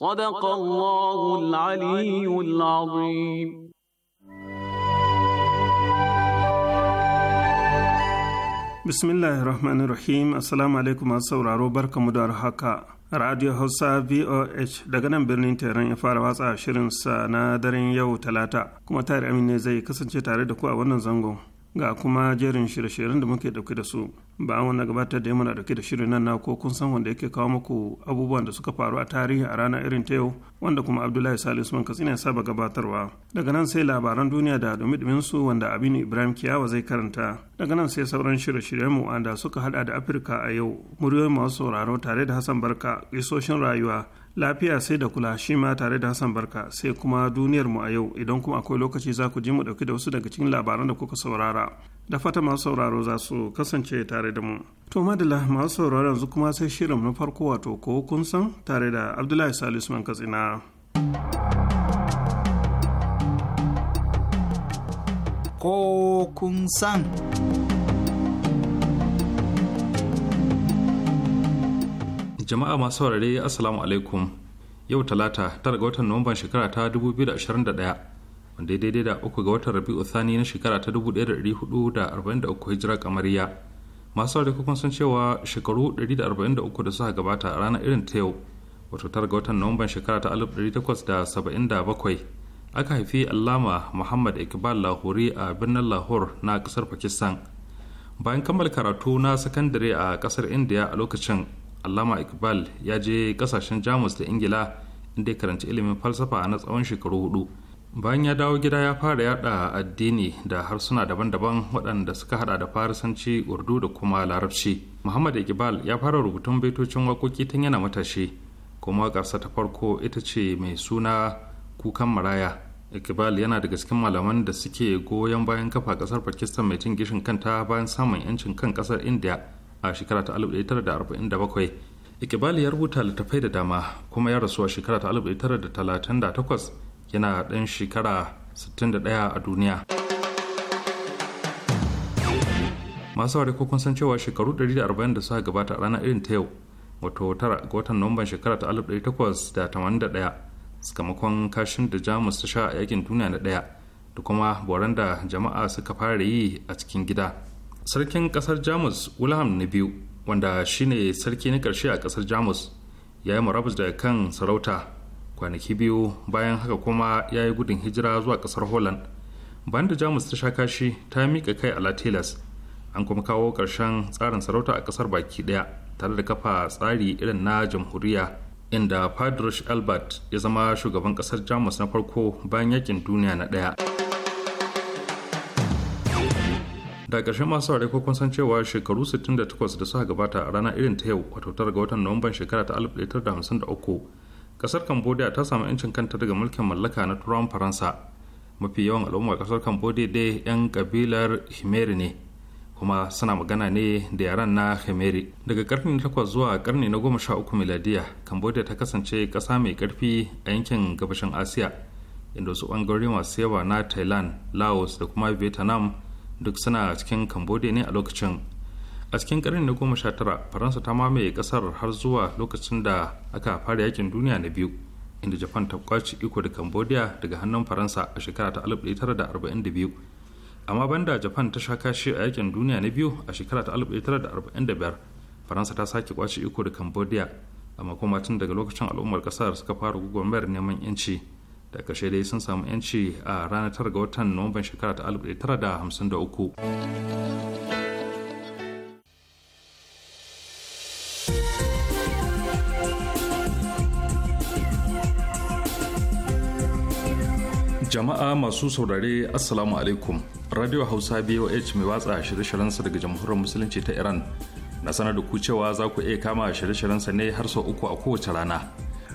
صدق الله العلي العظيم bismillahir rahmanir rahim assalamu alaikum masu sauraro barkamu da haka radio hausa voh daga nan birnin tehran ya fara watsa shirin sa na daren yau talata kuma tare ne zai kasance tare da ku a wannan zangon ga kuma jerin shirye-shiryen da muke dauke da su an wani gabatar da muna dauke da shirin nan na ko kun san wanda yake kawo muku abubuwan da suka faru a tarihi a rana irin ta yau wanda kuma abdullahi salisu man katsina ya saba gabatarwa daga nan sai labaran duniya da dumi su wanda abinu ibrahim kiyawa zai karanta daga nan sai sauran shirye-shiryen mu da suka hada da afirka a yau muryoyin masu sauraro tare da hassan barka isoshin rayuwa lafiya sai da kula shi ma tare da hassan barka sai kuma duniyar mu a yau idan kuma akwai lokaci za ku ji mu dauki da wasu daga cikin labaran da kuka saurara da fata masu sauraro za su kasance tare da mu to madalla masu sauraro yanzu kuma sai shirin na farko wato ko kun san tare da abdullahi salisu man katsina ko kun san jama'a masu saurare assalamu alaikum yau talata tara ga watan nuwamban shekara ta 2021 wanda daidai da uku ga watan rabi'u thani na shekara ta 1443 hijira kamariya masu saurare kuma sun cewa shekaru 143 da suka gabata a ranar irin ta yau wato tara ga watan nuwamban shekara ta 1877 aka haifi allama muhammad iqbal lahori a birnin lahore na kasar pakistan bayan kammala karatu na sakandare a kasar india a lokacin allama iqbal ya je kasashen jamus da ingila inda ya karanci ilimin falsafa na tsawon shekaru hudu bayan ya dawo gida ya fara yada addini da harsuna daban-daban waɗanda suka hada da farisanci urdu da kuma larabci muhammad iqbal ya fara rubutun baitocin waƙoƙi tun yana matashi kuma ƙarsa ta farko ita ce mai suna kukan maraya iqbal yana daga cikin malaman da suke goyon bayan kafa ƙasar pakistan mai cin gishin kanta bayan samun 'yancin kan ƙasar india a shekara ta 1947 ikibali ya rubuta littattafai da dama kuma ya rasu a shekara ta 1938 yana ɗan shekara 61 a duniya masu ware ko kun san cewa shekaru 140 da suka gabata a ranar irin ta yau wato tara ga watan nomban shekara ta 1881 sakamakon kashin da jamus ta sha a yakin duniya na daya da kuma boran da jama'a suka fara yi a cikin gida sarkin kasar jamus wilhelm na biyu wanda shine sarki na karshe a kasar jamus ya yi murabus daga kan sarauta kwanaki biyu bayan haka kuma ya yi gudun hijira zuwa kasar holland bayan da jamus ta sha kashi ta mika kai a latilas an kuma kawo ƙarshen tsarin sarauta a kasar baki ɗaya tare da kafa tsari irin na jamhuriya inda padrush albert ya zama shugaban kasar jamus na farko bayan yakin duniya na ɗaya da ƙarshen masu saurare ko kun san cewa shekaru 68 da suka gabata a ranar irin ta yau wato tara ga watan nuwamban shekara ta 1953 kasar cambodia ta samu 'yancin kanta daga mulkin mallaka na turawan faransa mafi yawan al'ummar kasar cambodia dai 'yan kabilar himeri ne kuma suna magana ne da yaran na himeri daga karni na takwas zuwa karni na goma sha uku miladiya cambodia ta kasance kasa mai karfi a yankin gabashin asiya inda su ɓangarori masu yawa na thailand laos da kuma vietnam duk suna cikin cambodia ne a lokacin a cikin karni na goma sha tara faransa ta mamaye kasar har zuwa lokacin da aka fara yakin duniya na biyu inda japan ta kwace iko da cambodia daga hannun faransa a shekara ta 1942 amma banda japan ta sha kashi a yakin duniya na biyu a shekara ta 1945 faransa ta sake kwace iko da cambodia amma kuma tun daga lokacin al'ummar kasar suka fara gugumar neman yanci da ƙarshe dai sun samu 'yanci a ranar tara ga watan nomban shekara ta 1953 jama'a masu saurare assalamu alaikum radio hausa boh mai watsa shirye-shiryensa daga jamhuriyar musulunci ta iran na sanar da ku cewa za ku iya kama shirye-shiryensa ne har sau uku a kowace rana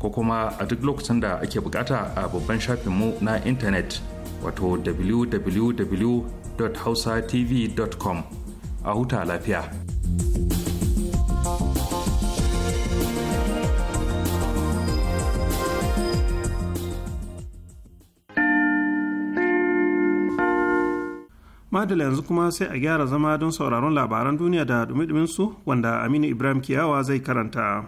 ko kuma a duk lokacin da ake bukata a babban shafinmu na intanet wato www.hausatv.com a huta lafiya. Madala yanzu kuma sai a gyara zama don sauraron labaran duniya da dumi su wanda Aminu Ibrahim Kiyawa zai karanta.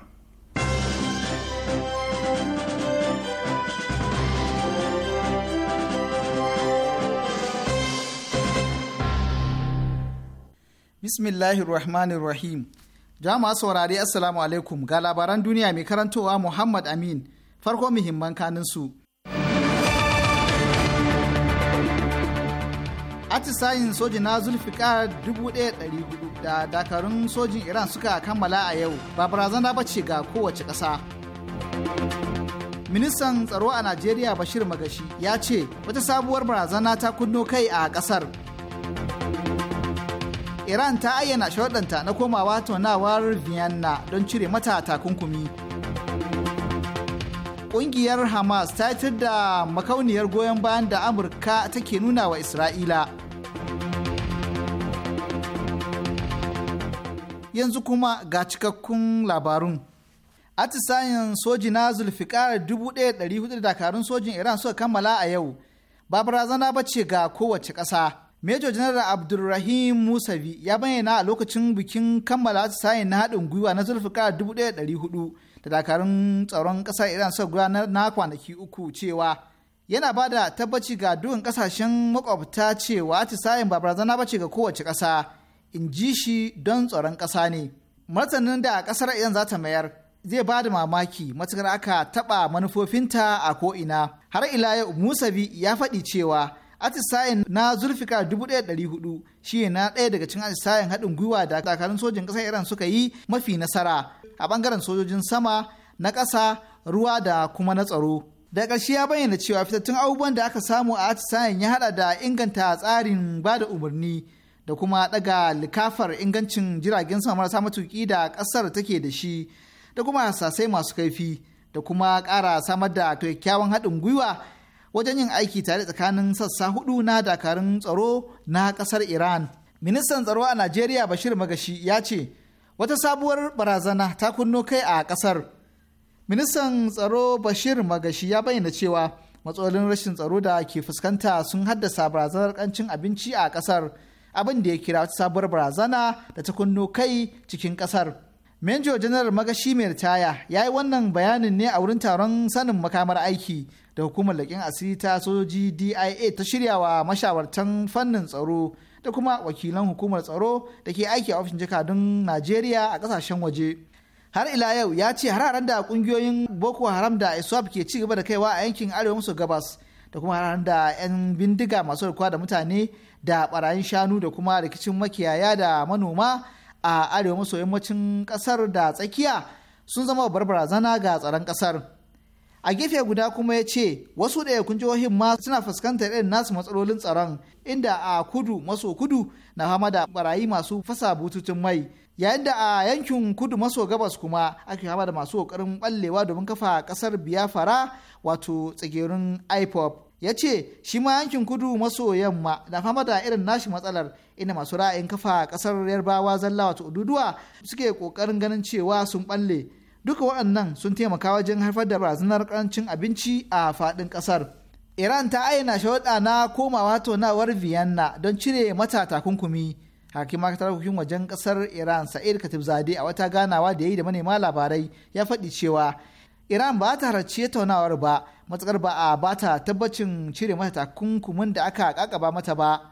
Bismillahir Rahmanir Rahim. Jama'a saurari Assalamu alaikum ga labaran duniya mai karantowa Muhammad Amin. Farko muhimman kanin su. Atisayin soji na zulfikar 1400 da dakarun sojin Iran suka kammala a yau ba barazana ba ce ga kowace ƙasa. Ministan tsaro a Najeriya Bashir Magashi ya ce wata sabuwar barazana ta kunno kai a ƙasar. iran ta ayyana sharuɗanta na komawa taunawar vienna don cire mata takunkumi ƙungiyar hamas ta yi da makauniyar goyon bayan da amurka take nuna wa isra'ila yanzu kuma ga cikakkun labarun atisayen soji na zulfikar 1400 dakarun sojin iran suka kammala a yau ba barazana ba ga kowace ƙasa Major General Abdulrahim Musavi ya bayyana a lokacin bikin kammala sayin na haɗin gwiwa na zulfikar 1400 da dakarun tsaron ƙasar Iran suka gudanar na kwanaki uku cewa yana ba da tabbaci ga dukkan ƙasashen makwabta cewa atisayen ba barazana ba ce ga kowace ƙasa in ji shi don tsaron ƙasa ne. Martanin da ƙasar Iran za ta mayar zai ba da mamaki matukar aka taɓa manufofinta a ko'ina. Har ila yau Musavi ya faɗi cewa atisayen na zulfika 1400 shi na ɗaya daga cikin atisayen haɗin gwiwa da dakarun sojin ƙasar iran suka yi mafi nasara a ɓangaren sojojin sama na ƙasa ruwa da kuma na tsaro da ƙarshe ya bayyana cewa fitattun abubuwan da aka samu a atisayen ya haɗa da inganta tsarin ba da umarni da kuma ɗaga likafar ingancin jiragen sama marasa matuƙi da ƙasar take da shi da kuma hasasai masu kaifi da kuma ƙara samar da kyakkyawan haɗin gwiwa wajen yin aiki tare tsakanin sassa hudu na dakarun tsaro na kasar Iran. Ministan tsaro a Najeriya Bashir Magashi ya ce wata sabuwar barazana ta kunno kai a kasar. Ministan tsaro Bashir Magashi ya bayyana cewa matsalolin rashin tsaro da ke fuskanta sun haddasa barazanar kancin abinci a kasar abin da ya kira wata sabuwar barazana da ta kunno kai cikin kasar. Menjo Janar Magashi mai ritaya ya yi wannan bayanin ne a wurin taron sanin makamar aiki da hukumar laƙin asiri ta soji dia ta wa mashawartan fannin tsaro da kuma wakilan hukumar tsaro da ke aiki a ofishin jakadun najeriya a ƙasashen waje har ila yau ya ce hararen da ƙungiyoyin boko haram da iswap ke ci gaba da kaiwa a yankin arewa maso gabas da kuma hararen da 'yan bindiga masu rikuwa da mutane da barayin shanu da kuma rikicin makiyaya da manoma a arewa maso yammacin ƙasar da tsakiya sun zama babbar barazana ga tsaron ƙasar. a gefe guda kuma ya ce wasu ɗayakun jihohin ma suna fuskantar irin nasu matsalolin tsaron inda a kudu maso kudu na fama da barayi masu fasa bututun mai yayin da a yankin kudu maso gabas kuma ake fama da masu ƙoƙarin ɓallewa domin kafa kasar biafara wato tsagerun ipop ya ce shi ma yankin kudu maso yamma na fama da irin nashi matsalar inda masu ra'ayin kafa ƙasar yarbawa zalla wato ududuwa suke ƙoƙarin ganin cewa sun ɓalle duka waɗannan sun taimaka wajen haifar da barazanar karancin abinci a faɗin ƙasar iran ta ayyana sharuɗa na komawa tonawar vienna don cire mata takunkumi hakima ta harkokin wajen ƙasar iran sa'id katibzade a wata ganawa da ya yi da manema labarai ya faɗi cewa iran ba ta harci taunawar ba matsakar ba a ba ta tabbacin cire mata takunkumin da aka kakaba mata ba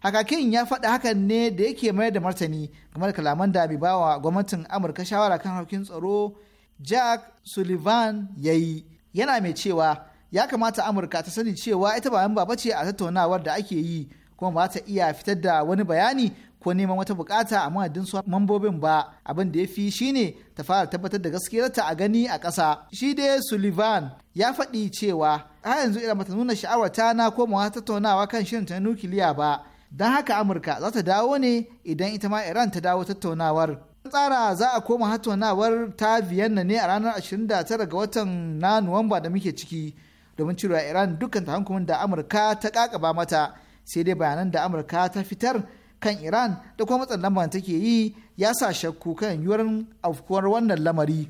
hakakin ya faɗa hakan ne da yake mayar da martani game da kalaman da bai bawa gwamnatin amurka shawara kan harkokin tsaro jack sullivan ya yi yana mai cewa ya kamata amurka ta sani cewa ita ba yamba ce a tattaunawar da ake yi kuma ba ta iya fitar da wani bayani ko neman wata bukata a madadin su mambobin ba abin da ya fi shine ta fara tabbatar da gaskiyarta a gani a ƙasa shi dai sullivan ya faɗi cewa har yanzu ira bata nuna sha'awar ta na komawa tattaunawa kan shirin ta nukiliya ba don haka amurka za ta dawo ne idan ita ma iran ta dawo tattaunawar tsara za a koma tattaunawar ta vienna ne a ranar 29 ga watan na nuwamba da muke ciki domin cewa iran dukkan ta hankumin da amurka ta kakaba mata sai dai bayanan da amurka ta fitar kan iran da kuma matsan da take yi ya sa shakku kan yiwuwar afkuwar wannan lamari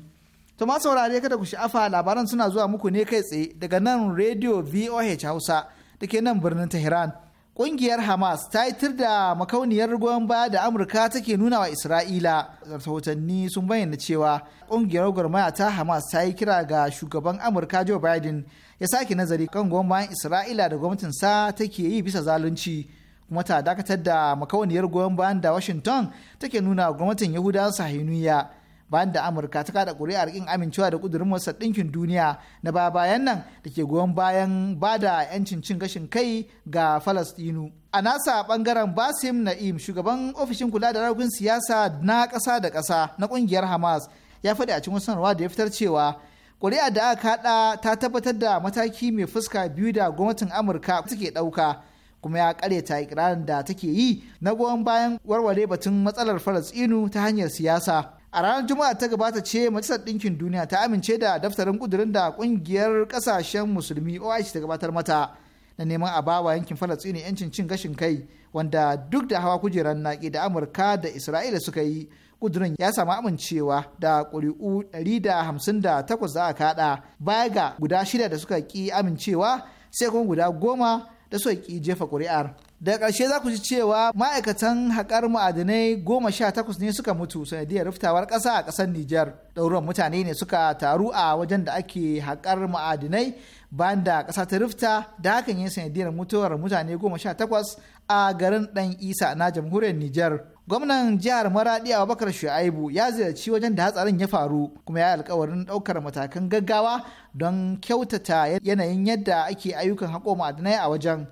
to ma saurare kada ku sha'afa labaran suna zuwa muku ne kai tsaye daga nan radio voh hausa da ke nan birnin tehran kungiyar Hamas ta yi yitar da makauniyar goyon baya da Amurka take nuna wa Isra'ila. Rahotanni sun bayyana cewa ƙungiyar gwarmaya ta Hamas ta yi kira ga shugaban Amurka Joe Biden ya sake nazari kan goyon Isra'ila da sa take yi bisa zalunci. Kuma ta dakatar da makauniyar goyon bayan da Washington take nuna gwamnatin Yahudawa Sahiniya. bayan da amurka ta kada kuri'ar kin amincewa da kudurin wasa ɗinkin duniya na baya bayan nan da ke goyon bayan ba da 'yancin cin gashin kai ga falastinu a nasa bangaren basim na'im shugaban ofishin kula da ragin siyasa na ƙasa da ƙasa na ƙungiyar hamas ya faɗi a cikin sanarwa da ya fitar cewa kuri'a da aka kaɗa ta tabbatar da mataki mai fuska biyu da gwamnatin amurka take ɗauka kuma ya ta ikirarin da take yi na goyon bayan warware batun matsalar falastinu ta hanyar siyasa a ranar juma'a ta gabata ce majalisar ɗinkin duniya ta amince da daftarin kudurin da ƙungiyar ƙasashen musulmi oic ta gabatar mata na neman a bawa yankin falastini yancin cin gashin kai wanda duk da hawa kujerar naƙi da amurka da isra'ila suka yi kudurin ya samu amincewa da ƙuri'u 158 da za'a kaɗa baya ga guda shida da suka ƙi amincewa sai kuma guda goma da suka ƙi jefa ƙuri'ar da ƙarshe za ku ji cewa ma'aikatan haƙar ma'adinai goma sha takwas ne suka mutu sanadiyar rufitawar ƙasa a ƙasar Nijar. Ɗauruwan mutane ne suka taru a wajen da ake haƙar ma'adinai bayan da ƙasa ta rufta. da hakan yin sanadiyar mutuwar mutane goma sha takwas a garin Ɗan Isa na jamhuriyar Nijar. Gwamnan jihar Maraɗi Abubakar Shu'aibu ya ziyarci wajen da hatsarin ya faru kuma ya yi alkawarin ɗaukar matakan gaggawa don kyautata yanayin yadda ake ayyukan haƙo ma'adinai a wajen.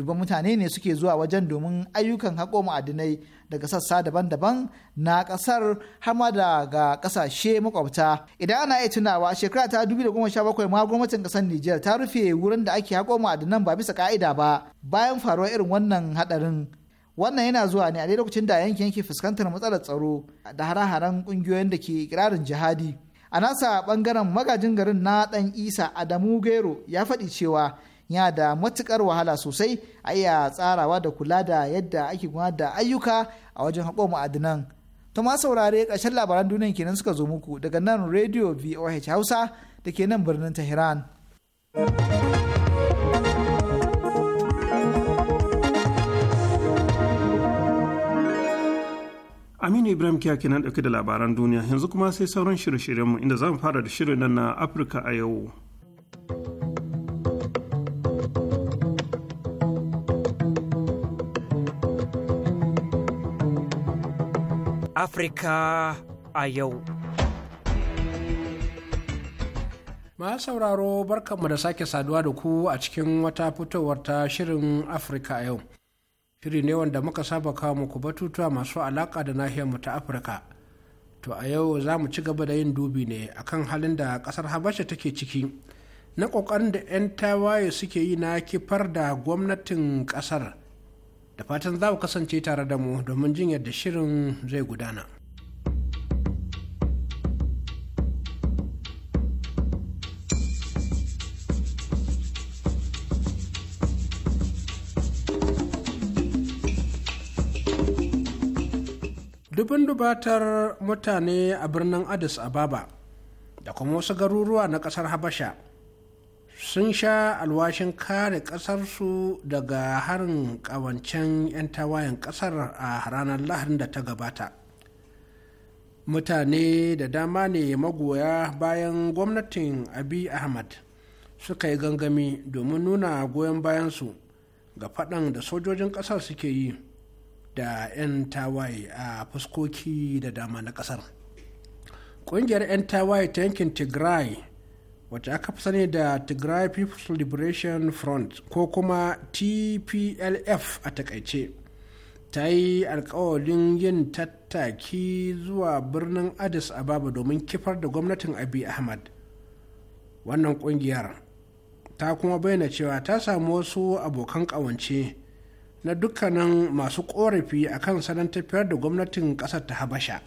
dubban mutane ne suke zuwa wajen domin ayyukan haƙo ma'adinai daga sassa daban-daban na ƙasar har ma daga ƙasashe makwabta idan ana iya tunawa shekara ta bakwai ma gwamnatin ƙasar Nijar ta rufe wurin da ake haƙo ma'adinan ba bisa ka'ida ba bayan faruwar irin wannan haɗarin wannan yana zuwa ne a lokacin da yankin yake fuskantar matsalar tsaro da hare-haren ƙungiyoyin da ke ikirarin jihadi a nasa ɓangaren magajin garin na ɗan isa adamu gero ya faɗi cewa ya da matukar wahala sosai a iya tsarawa da kula da yadda ake kuma da ayyuka a wajen haƙo ma'adinan. To ma saurare ƙarshen labaran duniya kenan suka zo muku daga nan Radio VOH Hausa da ke nan birnin Tehran. Aminu Ibrahim Kiya kenan ɗauke da labaran duniya yanzu kuma sai sauran shirye-shiryenmu inda zamu fara da shirin nan na Afirka a yau. Afirka a yau. Ma sauraro barkanmu da sake saduwa da ku a cikin wata fitowar ta shirin Afirka a yau. Shiri ne wanda muka saba kawo muku batutuwa masu alaƙa da nahiyarmu ta Afirka. To a yau za mu ci gaba da yin dubi ne akan halin da ƙasar Habasha take ciki na ƙoƙarin da 'yan tawaye suke yi na kifar da gwamnatin ƙasar. da fatan za ku kasance tare da mu domin jin yadda shirin zai gudana. dubin dubatar mutane a birnin addis ababa da kuma wasu garuruwa na kasar habasha sun sha alwashin kare ƙasarsu daga harin ƙawancen 'yan tawayen ƙasar a ranar lahadin da ta gabata mutane da dama ne magoya bayan gwamnatin abi ahmad suka yi gangami domin nuna goyon bayansu ga faɗan da sojojin ƙasar suke yi da 'yan tawaye a fuskoki da dama na ƙasar ƙungiyar 'yan tawaye ta yankin tigray wacce aka fi sani da tigray people's liberation front ko kuma tplf a takaice ta yi alkawalin yin tattaki zuwa birnin addis ababa domin kifar da gwamnatin abi ahmad wannan kungiyar ta kuma bayyana cewa ta samu wasu abokan kawance na dukkanin masu korafi a kan sanan tafiyar da gwamnatin kasar ta habasha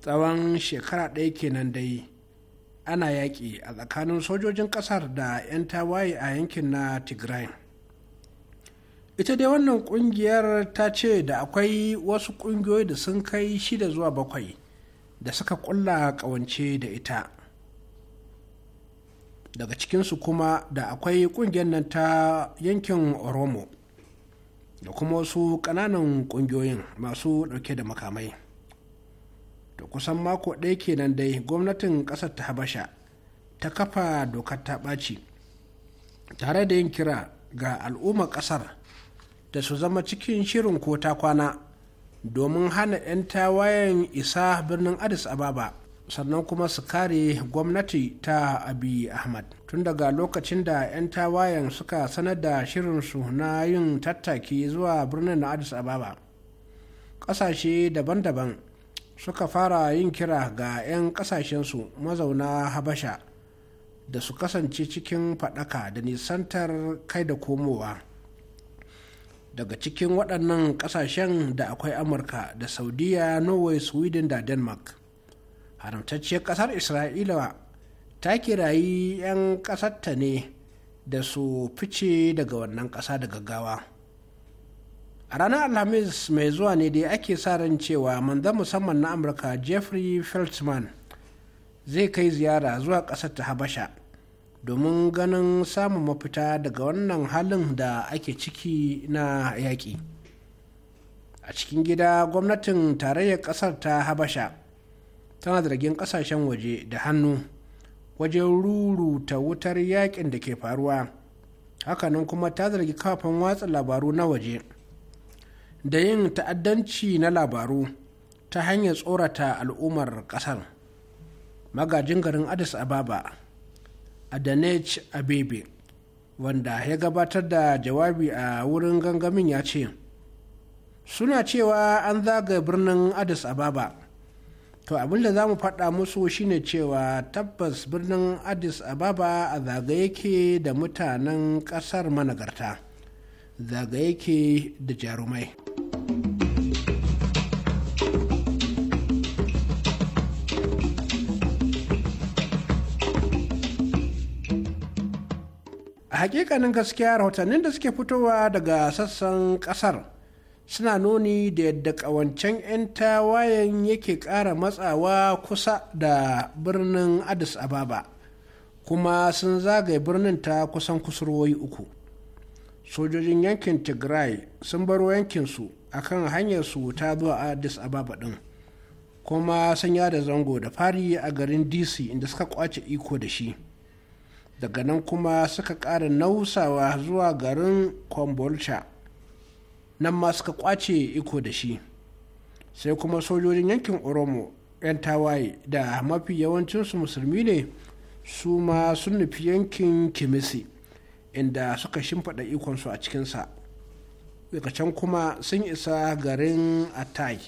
tsawon shekara ɗaya kenan dai ana yaƙi a tsakanin sojojin ƙasar da 'yan tawaye a yankin na tigray ita dai wannan ƙungiyar ta ce da akwai wasu ƙungiyoyi da sun kai shida zuwa bakwai da suka ƙulla ƙawance da ita daga cikinsu kuma da akwai ƙungiyar nan ta yankin oromo da kuma wasu ƙananan ƙungiyoyin masu ɗauke da makamai da kusan mako ɗaya kenan dai gwamnatin ƙasar ta habasha ta kafa dokar ta ɓaci tare da yin kira ga al'ummar ƙasar da su zama cikin shirin ko ta kwana domin hana 'yan tawayen isa birnin addis ababa sannan kuma su kare gwamnati ta abi ahmad tun daga lokacin da 'yan tawayen suka sanar da shirinsu na yin tattaki zuwa birnin na addis ababa ƙasashe daban-daban suka fara yin kira ga 'yan kasashensu mazauna habasha da su kasance cikin faɗaka da nisantar kai da komowa daga cikin waɗannan ƙasashen da akwai amurka da saudiya norway sweden da denmark haramtacciyar ƙasar isra'ila ta kirayi 'yan ƙasarta ne da su fice daga wannan ƙasa da gawa. a ranar alhamis mai zuwa ne dai ake sa ran cewa manzan musamman na amurka jeffrey feltman zai kai ziyara zuwa ƙasar ta habasha domin ganin samun mafita daga wannan halin da ake ciki na yaƙi a cikin gida gwamnatin tarayyar ƙasar ta habasha tana zargin ƙasashen waje da hannu wajen ruruta wutar yaƙin da ke faruwa hakanan kuma ta zargi kafin watsa labaru na waje da yin ta'addanci na labaru ta hanyar tsorata al'ummar ƙasar magajin garin addis ababa adanech abebe wanda ya gabatar da jawabi a wurin gangamin ya ce suna cewa an zaga birnin addis ababa to abinda za mu faɗa musu shine cewa tabbas birnin addis ababa a zagaye yake da mutanen ƙasar managarta. zagaye ke da jarumai a hakikanin gaskiya rahotannin da suke fitowa daga sassan kasar suna nuni da yadda kawancen 'yan tawayen yake ƙara matsawa kusa da birnin addis ababa kuma sun zagaye birnin ta kusan kusurwoyi uku sojojin yankin tigray sun baro yankinsu akan hanyar su ta zuwa addis ababa din kuma sun da zango da fari a garin dc inda suka kwace iko da shi daga nan kuma suka ƙara nausawa zuwa garin kwambolcha nan ma suka kwace iko da shi sai kuma sojojin yankin oromo 'yan tawaye da mafi yawancinsu musulmi ne su ma sun nufi yankin kimisi inda suka shimfiɗa ikonsu a cikinsa daga can kuma sun isa garin atai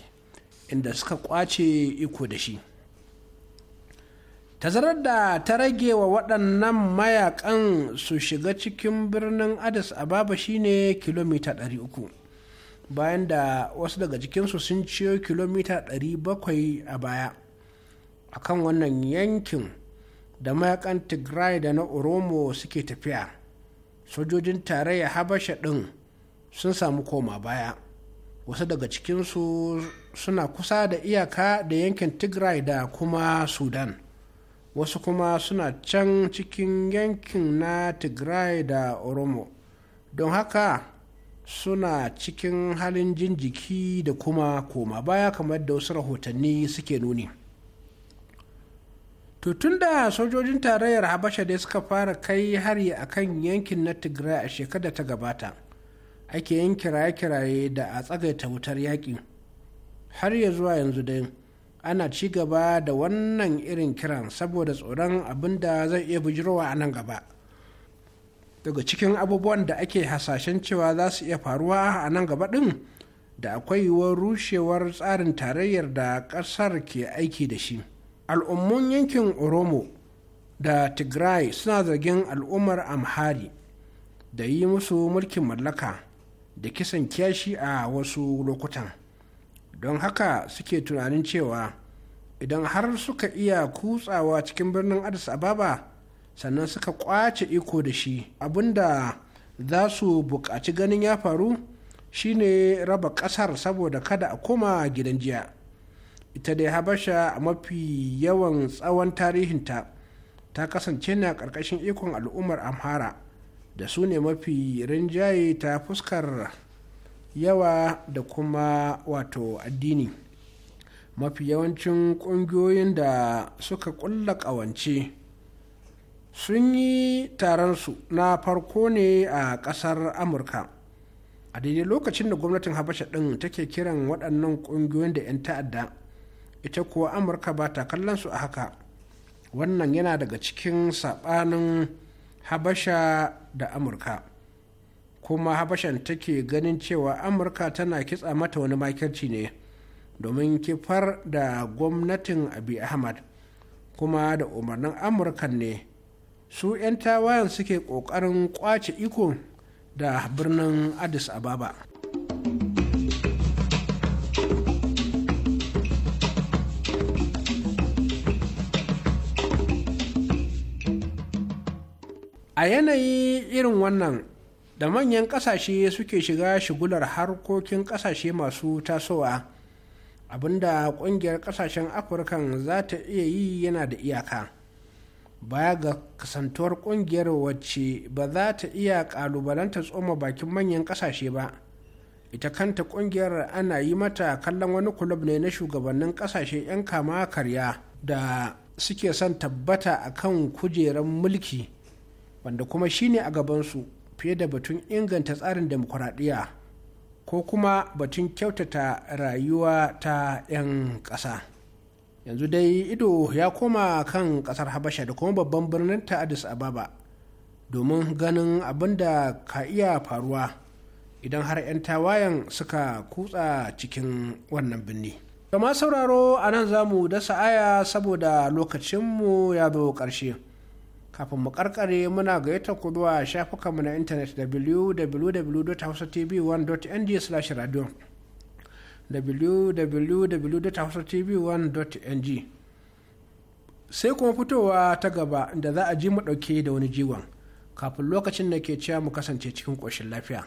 inda suka kwace iko da shi tazarar da ta rage wa waɗannan mayakan su shiga cikin birnin addis ababa shine kilomita 300 bayan da wasu daga cikinsu sun ciyo kilomita 700 a baya akan wannan yankin da mayakan tigray da na oromo suke tafiya sojojin tarayya habasha ɗin sun samu koma baya wasu daga cikinsu suna kusa da iyaka da yankin tigray da kuma sudan wasu kuma suna can cikin yankin na tigray da oromo don haka suna cikin halin jinjiki da kuma koma baya kamar da wasu rahotanni suke nuni. to tun da sojojin tarayyar habasha dai suka fara kai hari a kan yankin na tigray a shekarar ta gabata ake yin kiraye-kiraye da a tsagaita wutar yaƙi har ya zuwa yanzu dai ana ci gaba da wannan irin kiran saboda tsoron abin da zai iya bujirowa a nan gaba daga cikin abubuwan da ake hasashen cewa za su iya faruwa a nan gaba ɗin da akwai rushewar tsarin tarayyar da ƙasar ke aiki da shi al'ummun yankin oromo da tigray suna zargin al'ummar amhari da yi musu mulkin mallaka da kisan kyashi a wasu lokutan don haka suke tunanin cewa idan har suka iya kutsawa cikin birnin addis ababa sannan suka kwace iko da shi abinda za su buƙaci ganin ya faru shine raba ƙasar saboda kada a koma gidan jiya ita dai habasha a mafi yawan tsawon tarihinta ta kasance na ƙarƙashin ikon al'ummar amhara da su ne mafi rinjaye ta fuskar yawa da kuma wato addini mafi yawancin ƙungiyoyin da suka ƙulla ƙawance sun yi taronsu na farko ne a ƙasar amurka a daidai lokacin da gwamnatin habasha ɗin take kiran waɗannan ƙungiyoyin da 'yan ta'adda ita kuwa amurka ba ta kallon su a haka wannan yana daga cikin sabanin habasha da amurka kuma habashan take ganin cewa amurka tana kitsa mata wani makirci ne domin kifar da gwamnatin abi ahmad kuma da umarnin amurkan ne su 'yan tawayan suke kokarin kwace iko da birnin addis ababa a yanayi irin wannan da manyan ƙasashe suke shiga shigular harkokin ƙasashe masu tasowa abinda ƙungiyar ƙasashen Afirka za ta iya yi yana da iyaka baya ga kasantuwar ƙungiyar wacce ba za ta iya kalubalanta tsoma bakin manyan ƙasashe ba ita kanta ƙungiyar ana yi mata kallon wani kulub ne na shugabannin ƙasashe 'yan kama karya da suke son tabbata akan kujerar mulki wanda kuma shine a gabansu fiye da batun inganta tsarin demokuraɗiyya ko kuma batun kyautata rayuwa ta 'yan ƙasa yanzu dai ido ya koma kan ƙasar habasha da kuma babban birnin ta addis ababa domin ganin abin da ka iya faruwa idan har 'yan tawayen suka kutsa cikin wannan birni. kama sauraro a nan za mu dasa aya saboda lokacinmu ya zo ƙarshe. kafin mu karkare muna gayyata ku zuwa shafukanmu na intanet www.hausatv1.ng/radio www.hausatv1.ng sai kuma fitowa ta gaba da za a ji mu dauke da wani jiwon kafin lokacin da ke cewa mu kasance cikin ƙoshin lafiya.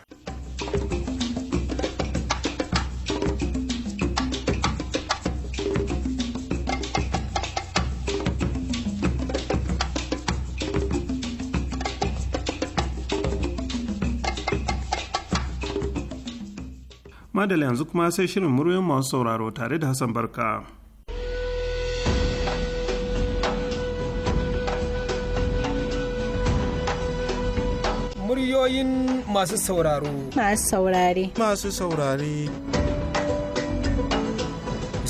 madala yanzu kuma sai shirin muryoyin masu sauraro tare da hassan barka muryoyin masu sauraro masu saurare masu saurare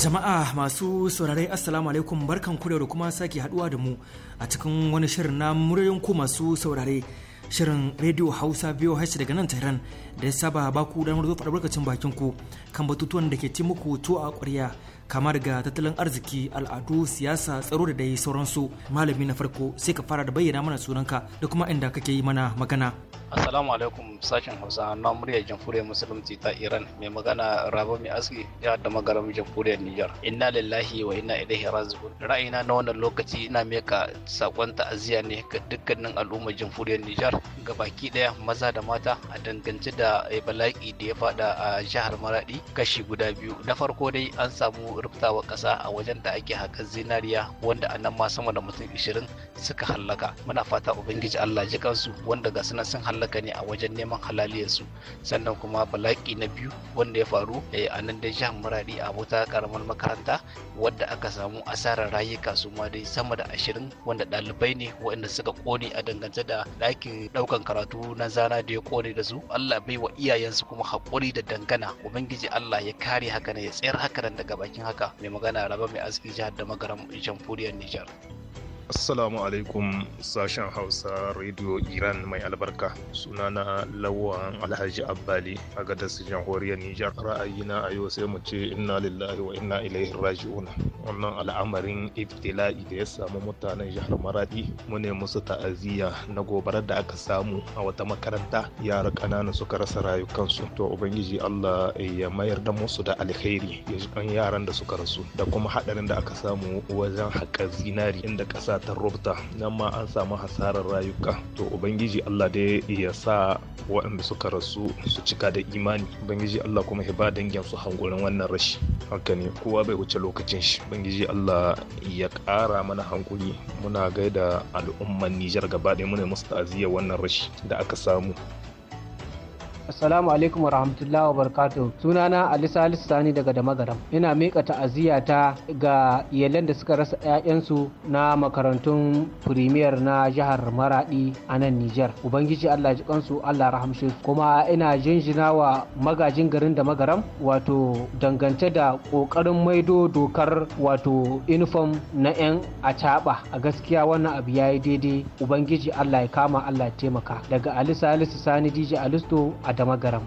jama'a masu saurare assalamu alaikum barkan kurewa da kuma sake haduwa da mu a cikin wani shirin na muryoyin ku masu saurare shirin rediyo hausa biyu daga nan tehran da ya saba baku damar zo faɗa bakin ku kan batutuwan da ke ci muku a ƙwarya kamar ga tattalin arziki al'adu siyasa tsaro da dai sauransu malami na farko sai ka fara da bayyana mana sunanka da kuma inda kake yi mana magana Assalamu alaikum sashen Hausa na muryar jamhuriyar musulunci ta Iran mai magana Rabo mai aski ya da magaram jamhuriyar Nijar. Inna lillahi wa inna ilaihi raji'un. Ra'ayina na wannan lokaci ina meka sakon ta'aziyya ne ga dukkanin al'ummar jamhuriyar Nijar ga baki daya maza da mata a dangance da eh, bala'i da ya fada a jihar Maradi kashi guda biyu. Na farko dai an samu rubtawa kasa a wajen da ake haƙar zinariya wanda a nan ma sama da mutum 20 suka hallaka muna fata ubangiji allah ji kansu wanda ga suna sun hallaka ne a wajen neman halaliyarsu sannan kuma balaki na biyu wanda ya faru eh, a nan dai jihar murari a wata karamar makaranta wadda aka samu asarar rayuka su ma dai sama da 20 wanda ɗalibai ne waɗanda suka kone a dangance da ɗakin ɗaukan karatu na zana da ya kone da su allah bai wa iyayensu kuma haƙuri da dangana ubangiji allah ya kare haka ne ya tsayar haka daga bakin haka mai magana raba mai aski jihar da magaram jamhuriyar Nijar. Assalamu alaikum sashen Hausa Radio Iran mai albarka. Sunana Lawan Alhaji Abbali a gadar jamhuriyar Nijar. Ra'ayina a yau sai mu ce inna lillahi wa inna ilaihi raji'un. Wannan al'amarin ibtila'i da ya samu mutanen jihar Maradi mu ne musu ta'aziyya na gobarar da aka samu a wata makaranta yara kanana suka rasa rayukansu. To ubangiji Allah ya mayar da musu da alkhairi ya yaran da suka rasu da kuma haɗarin da aka samu wajen haƙa zinari inda ƙasa ta nan ma an samu hasarar rayuka to ubangiji allah dai ya sa waɗanda suka rasu su cika da imani ubangiji allah kuma ya ba dangin su hankulin wannan rashi haka ne kowa bai wuce lokacin shi ubangiji allah ya ƙara mana hankuli muna gaida al'umman nijar gaba ɗaya muna musu ta'aziyya wannan rashi da aka samu Assalamu alaikum wa rahmatullahi wa barakatu. Sunana Ali Salisu Sani daga Damagaram. Ina miƙa ta'aziyya ta ga iyalan da suka rasa 'ya'yansu na makarantun firimiyar na jihar Maradi a nan Nijar. Ubangiji Allah ji kansu Allah rahamshe kuma ina jinjina wa magajin garin damagaram wato dangance da ƙoƙarin maido dokar wato uniform na 'yan acaɓa a gaskiya wannan abu ya yi daidai ubangiji Allah ya kama Allah ya taimaka daga Ali Salisu Sani DJ Alisto a da garam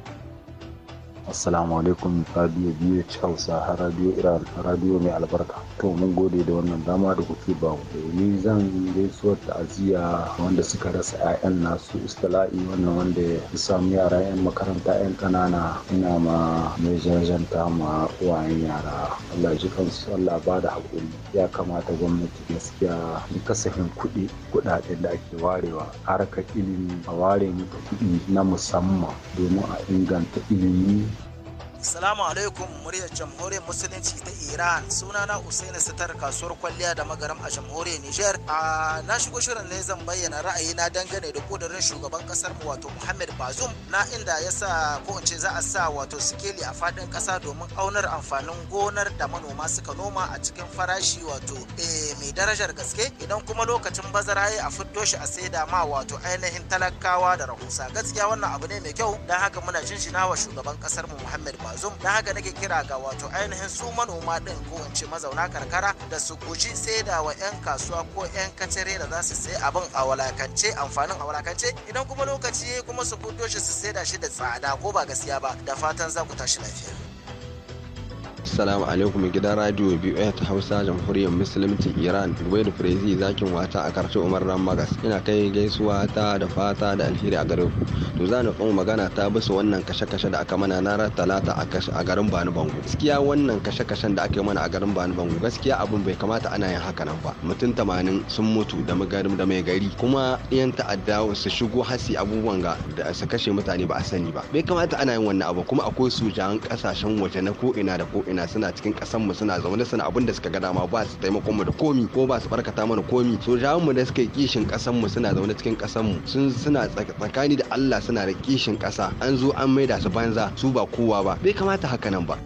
assalamu alaikum radio biyu hausa radio iran radio mai albarka to mun gode da wannan dama da kuke ba ni zan gaisuwar ta'aziyya wanda suka rasa 'ya'yan nasu istila'i wannan wanda ya samu yara 'yan makaranta 'yan kanana ina ma mai jajanta ma uwayen yara Allah ji kansu Allah ba da haƙuri ya kamata gwamnati gaskiya kasafin kuɗi kuɗaɗen da ake warewa harkar ilimi a ware mutu kuɗi na musamman domin a inganta ilimi Assalamu alaikum muryar jamhuriyar musulunci ta Iran sunana Usaini Sitar kasuwar kwalliya da magaram a jamhuriyar Nijar. A na shigo shirin ne zan bayyana ra'ayi na dangane da kudurin shugaban kasar mu wato Muhammad Bazoum na inda ya sa ko in ce za a sa wato sikeli a fadin kasa domin aunar amfanin gonar da manoma suka noma a cikin farashi wato eh, mai darajar gaske idan kuma lokacin bazara ya a fito shi a saida ma wato ainihin talakawa da rahusa gaskiya wannan abu ne mai kyau don haka muna jinjina wa shugaban kasar mu Muhammad zum da haka nake kira ga wato ainihin su manoma din ko in ce mazauna karkara da su guji wa 'yan kasuwa ko 'yan kacere da za su sai abin a walakance amfanin a walakance idan kuma lokaci kuma su fito shi su saida shi da tsada ko ba gaskiya ba da fatan za ku tashi lafiya. Assalamu alaikum gidan radio BOA ta Hausa Jamhuriyar Musulunci Iran Dubai da Firezi zakin wata a karshe Umar Magas. Ina kai gaisuwa ta da fata da alheri a gare ku. To za ni magana ta bisa wannan kashe-kashe da aka mana na talata a garin Bani Bango. Gaskiya wannan kashe-kashen da aka yi mana a garin Bani Bango gaskiya abin bai kamata ana yin haka nan ba. Mutum tamanin sun mutu da magarin da mai gari kuma yan ta'adda su shigo hasi abubuwan ga da su kashe mutane ba a sani ba. Bai kamata ana yin wannan abu kuma akwai sujan kasashen waje na ko ina da ko ina suna cikin kasan mu suna zaune suna abin da suka ga dama ba su taimakon mu da komi ko ba su barkata mana komi sojawan mu da suka kishin kasan mu suna zaune cikin kasan mu sun suna tsakani da Allah suna da kishin kasa an zo an maida su banza su ba kowa ba bai kamata haka nan ba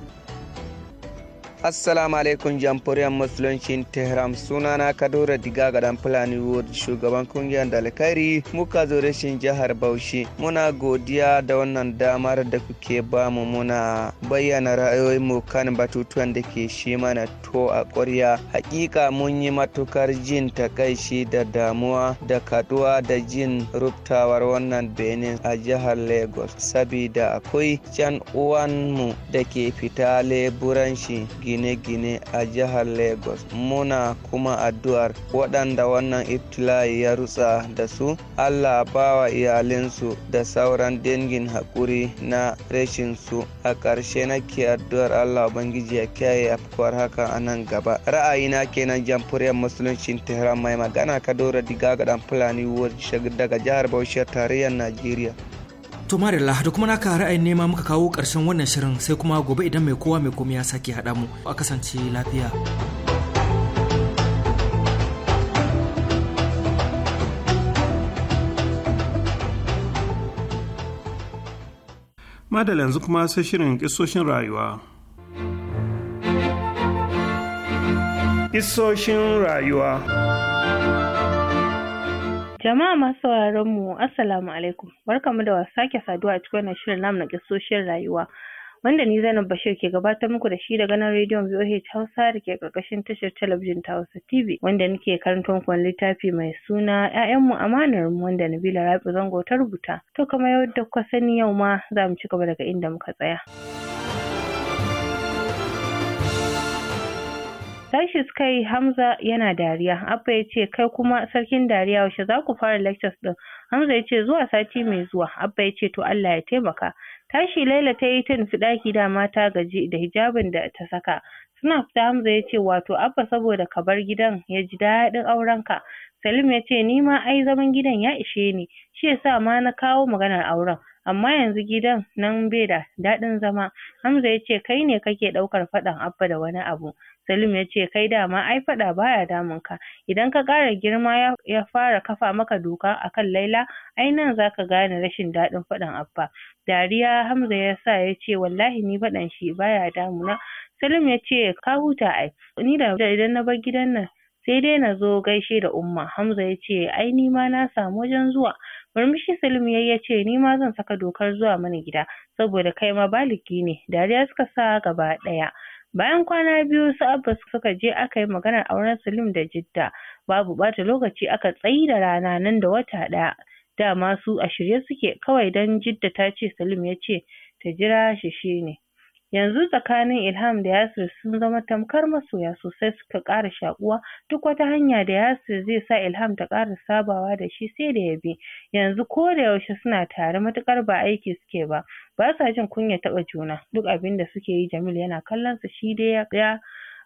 assalamu alaikum jamhuriyar musuluncin tehran sunana kadura diga ga dan fulani ward shugaban kungiyar dalkari muka zo rashin jihar bauchi muna godiya da wannan damar da kuke bamu muna bayyana mu kan batutuwan da ke shi mana to a ƙwarya hakika mun yi matukar jin takaici da damuwa da kaduwa da jin rubtawar wannan benin a jihar lagos saboda akwai can mu da ke fita leburanci gine-gine a jihar lagos muna kuma addu'ar waɗanda wannan iftila'i ya rutsa da su allah bawa iyalinsu da sauran dangin haƙuri na rashin su a ƙarshe nake addu'ar allah ubangiji ya kiyaye afkuwar haka a nan gaba ra'ayina kenan jamhuriyar musuluncin tehran mai magana kadora diga ga dan fulani daga jihar bauchi tarayyar najeriya To Marilla da kuma naka ra'ayin nema muka kawo ƙarshen wannan shirin sai kuma gobe idan mai kowa mai komai ya sake haɗa mu a kasance lafiya. Madalla yanzu kuma sai shirin kisoshin rayuwa. Kisoshin rayuwa. Jama'a masu sauraron mu Assalamu alaikum. Barkamu da sake saduwa a cikin wannan shirin namu na kisoshin rayuwa. Wanda ni Zainab Bashir ke gabatar muku da shi daga nan rediyon VOH Hausa da ke karkashin tashar talabijin ta Hausa TV wanda nake karanta muku wani littafi mai suna mu amanar mu wanda Nabila Rabi Zango ta rubuta. To kamar yadda kuka sani yau ma za mu ci gaba daga inda muka tsaya. Tashi suka yi Hamza yana dariya. Abba ya ce kai kuma sarkin dariya yaushe za ku fara lectures ɗin? Hamza ya ce zuwa sati mai zuwa. Abba ya ce to Allah ya taimaka. Tashi Laila ta yi ta nufi ɗaki dama ta gaji da hijabin da ta saka. Suna fita Hamza ya ce wato Abba saboda ka bar gidan ya ji daɗin aurenka. Salim ya ce ni ma ai zaman gidan ya ishe ni shi ya sa ma na kawo maganar auren. amma yanzu gidan nan bai da daɗin zama Hamza ya ce kai ne kake ɗaukar faɗan Abba da wani abu Salim ya ce kai dama ai faɗa baya damun ka idan ka ƙara girma ya fara kafa maka doka a kan Laila ai nan zaka gane rashin daɗin faɗan Abba. Dariya Hamza ya sa ya ce wallahi ni faɗan shi baya damuna. Salim ya ce ka huta ai ni da idan na bar gidan nan sai dai na zo gaishe da umma Hamza ya ce ai ni ma na samu wajen zuwa murmushi Salim yayi ya ce ni ma zan saka dokar zuwa mana gida saboda kai ma baliki ne dariya suka sa gaba ɗaya Bayan kwana biyu su Abbas suka je aka yi maganar auren Salim da Jidda. Babu ɓata lokaci aka tsayi da rana nan da wata ɗaya. Dama su a shirye suke kawai don Jidda ta ce Salim ya ce ta jira shi shine. yanzu tsakanin Ilham da Yasir sun zama tamkar masoya sosai suka ƙara shakuwa duk wata hanya da Yasir zai sa Ilham ta ƙara sabawa da shi sai da ya bi yanzu ko da yaushe suna tare matukar ba aiki suke ba ba sa jin kunya taɓa juna duk abinda suke yi Jamil yana kallon sa shi dai ya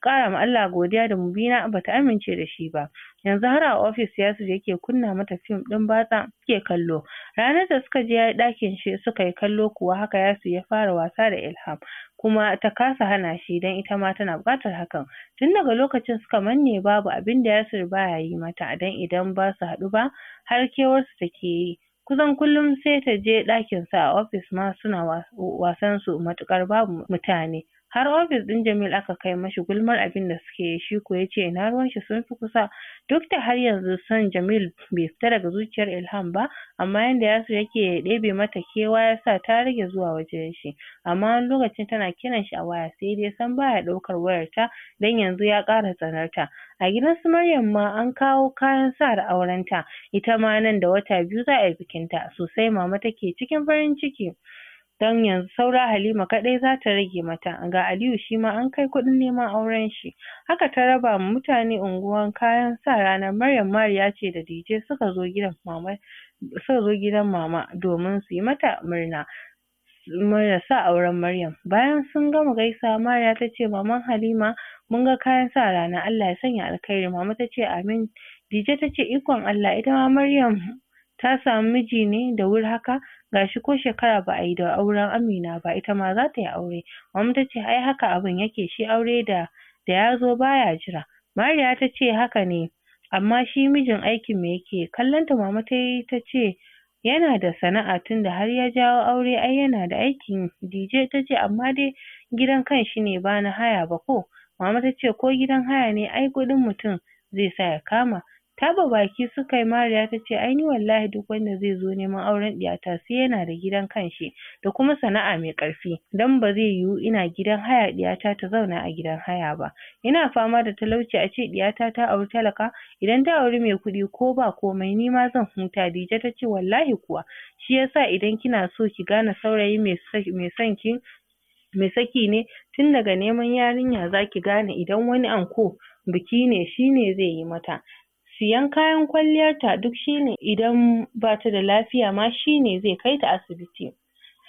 ƙara ma Allah godiya da Mubina bata amince da shi ba yanzu har a ofis Yasir yake kunna mata fim ɗin batsa suke kallo ranar da suka je ɗakin shi suka yi kallo kuwa haka Yasir ya fara wasa da Ilham kuma ta kasa hana shi don ita ma tana buƙatar hakan tun daga lokacin suka manne babu abin da Yasir baya yi mata don idan ba su haɗu ba har kewarsu take yi kusan kullum sai ta je ɗakin sa a ofis ma suna wasan su matuƙar babu mutane har ofis ɗin Jamil aka kai mashi gulmar abin da suke yi shi ko yace ina ruwan shi sun fi kusa duk da har yanzu son Jamil bai fita daga zuciyar Ilham ba amma yanda Yasir yake ya ɗebe mata kewa yasa ta rage zuwa wajen shi amma wani lokacin tana kiran shi a waya sai dai san baya ɗaukar wayar ta dan yanzu ya ƙara tsanarta. a gidan su Maryam ma an kawo kayan sa da auren ta ita ma nan da wata biyu za a yi bikin ta sosai mama take cikin farin ciki don yanzu saura Halima kaɗai za ta rage mata ga Aliyu shi ma an kai kuɗin neman auren shi haka ta raba ma mutane unguwan kayan sa ranar Maryam Mariya ce da Dije suka zo gidan mama suka zo gidan mama domin su yi mata murna sa auren Maryam bayan sun gama gaisa Mariya ta ce maman Halima mun ga kayan sa ranar. Allah ya sanya alkhairi mama ta ce amin Dije ta ce ikon Allah ita ma Maryam ta samu miji ne da wuri haka Ga shi ko shekara ba a yi da auren Amina ba ita ma za ta yi aure Mama ta ce ai haka abun yake shi aure da da ya zo baya jira Mariya ta ce haka ne amma shi mijin aikin me yake kallon ta mama ta yi ta ce yana da sana'a tunda har ya jawo aure ai yana da aikin DJ ta ce amma dai gidan kan shi ne ba na haya ba ko mama ta ce ko gidan haya ne ai kuɗin mutum zai sa ya kama Taba baki suka yi Mariya ta ce ai ni wallahi duk wanda zai zo neman auren ɗiyata sai yana da gidan kanshi da kuma sana'a mai ƙarfi don ba zai yiwu ina gidan haya ɗiyata ta zauna a gidan haya ba. Ina fama da talauci a ce ɗiyata ta auri talaka idan ta auri mai kuɗi ko ba komai ni ma zan huta Dije ta ce wallahi kuwa shi yasa idan kina so ki gane saurayi mai son ki mai saki ne tun daga neman yarinya za ki gane idan wani anko biki ne shi ne zai yi mata siyan kayan kwalliyarta duk shine idan bata da lafiya ma shine zai kai ta asibiti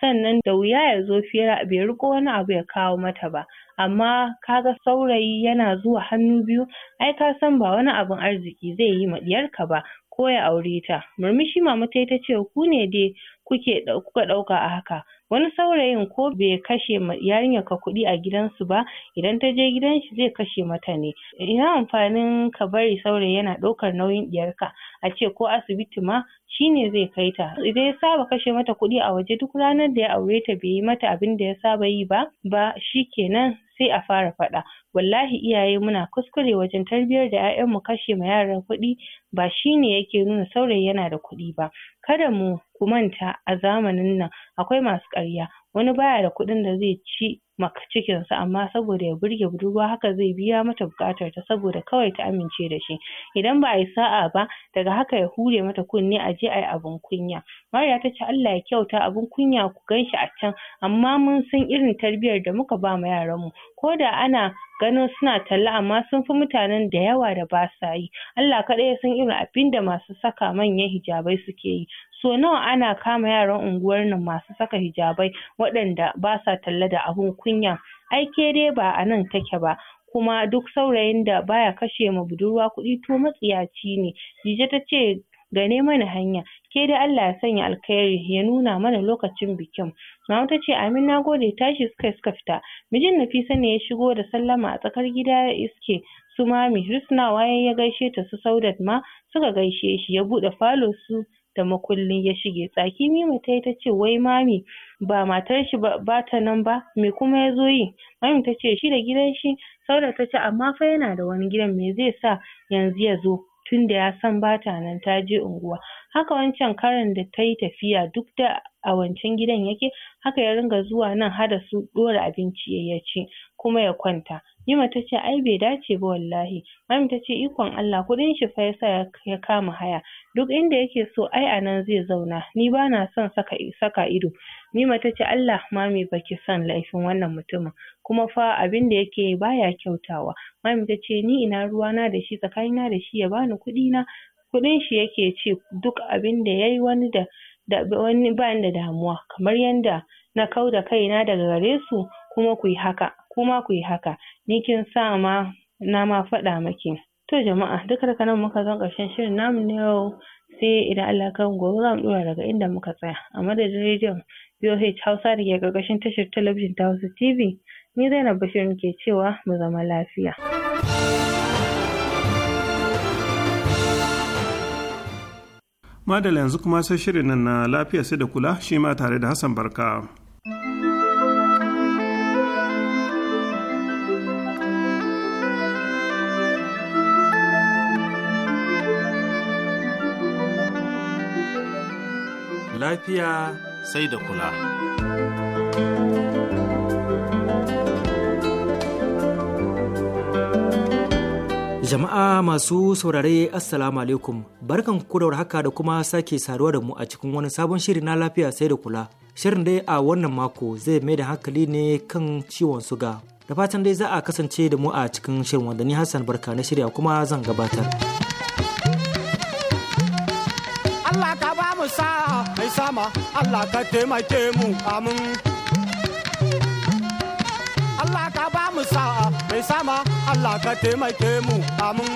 sannan da wuya ya zo fira bai riƙo wani abu ya kawo mata ba amma kaga saurayi yana zuwa hannu biyu ai ka san ba wani abin arziki zai yi ma diyarka ba ko ya aure ta murmushi mama ta ce ku ne dai kuke kuka ɗauka a haka wani saurayin ko bai kashe yarinyar ka kuɗi a gidansu ba idan ta je gidan shi zai kashe mata ne ina amfanin ka bari saurayi yana ɗaukar nauyin ɗiyarka a ce ko asibiti ma shi ne zai kai ta idan ya saba kashe mata kuɗi a waje duk ranar da ya aure ta bai yi mata abin da ya saba yi ba ba shikenan sai a fara faɗa wallahi iyaye muna kuskure wajen tarbiyyar da mu kashe ma yaran kuɗi ba shine yake nuna saurayi yana da kuɗi ba kada mu ku manta a zamanin nan akwai masu ƙarya wani baya da kuɗin da zai ci cikinsa amma saboda ya burge budurwa haka zai biya mata bukatar ta saboda kawai ta amince da shi idan ba a yi sa'a ba daga haka ya hure mata kunne a je a yi abin kunya Mariya ta ce Allah ya kyauta abin kunya ku gan shi a can amma mun san irin tarbiyyar da muka ba ma yaranmu ko da ana gano suna talla amma sun fi mutanen da yawa da ba yi Allah kaɗai ya san irin abin da masu saka manyan hijabai suke yi so nawa ana kama yaran unguwar nan masu saka hijabai waɗanda ba sa talla da abun kunya ai ke dai ba a nan take ba kuma duk saurayin da baya kashe ma budurwa kuɗi to matsiyaci ne Jije ta ce gane mana hanya ke dai Allah ya sanya alkhairi ya nuna mana lokacin bikin Mama ta ce amin na gode tashi suka suka fita mijin Nafisa ne ya shigo da sallama a tsakar gida ya iske su mami Husna waye ya gaishe ta su Saudat ma suka gaishe shi ya buɗe falo su da makulli ya shige tsaki mima tayi tace wai mami ba matar shi ba ta nan ba me kuma ya zo yi mami tace shi da gidan shi ta tace amma fa yana da wani gidan me zai sa yanzu ya zo tunda ya san ba ta nan ta je unguwa haka wancan karen da tayi tafiya duk da a wancan gidan yake haka ya ringa zuwa nan hada su ɗora abinci yayi ci kuma ya kwanta Jima ta ai bai dace ba wallahi Mami tace ikon Allah kuɗin shi fa yasa ya kama haya duk inda yake so ai anan zai zauna ni bana son saka saka ido Mima ta Allah mami baki son laifin wannan mutumin kuma fa abin da yake yi baya kyautawa Mami tace ni ina ruwana da shi tsakanina da shi ya bani na? kuɗin shi yake ci duk abin da yayi wani da da wani bani da damuwa kamar yanda na kauda kaina daga gare su kuma kuyi haka kuma ku yi haka ni kin sa ma na ma faɗa maki to jama'a duka daga nan muka zan ƙarshen shirin namu na yau sai idan Allah ya kai gobe za mu ɗora daga inda muka tsaya a madadin rediyon VOH Hausa da ke ƙarƙashin tashar talabijin ta Hausa TV ni Zainab Bashir ke cewa mu zama lafiya. Madala yanzu kuma sai shirin nan na lafiya sai da kula shi ma tare da Hassan Barka. lafiya sai da kula. Jama'a masu saurare Assalamu alaikum barkan ku da haka da kuma sake saduwa da mu a cikin wani sabon shiri na lafiya sai da kula. Shirin dai a wannan mako zai mai da hankali ne kan ciwon suga. Da fatan dai za a kasance da mu a cikin shirin wanda ni Hassan Barka na shirya kuma zan gabatar. sa ai sama Allah ka te mu amun Allah ka ba mu mai sama Allah ka te mu amun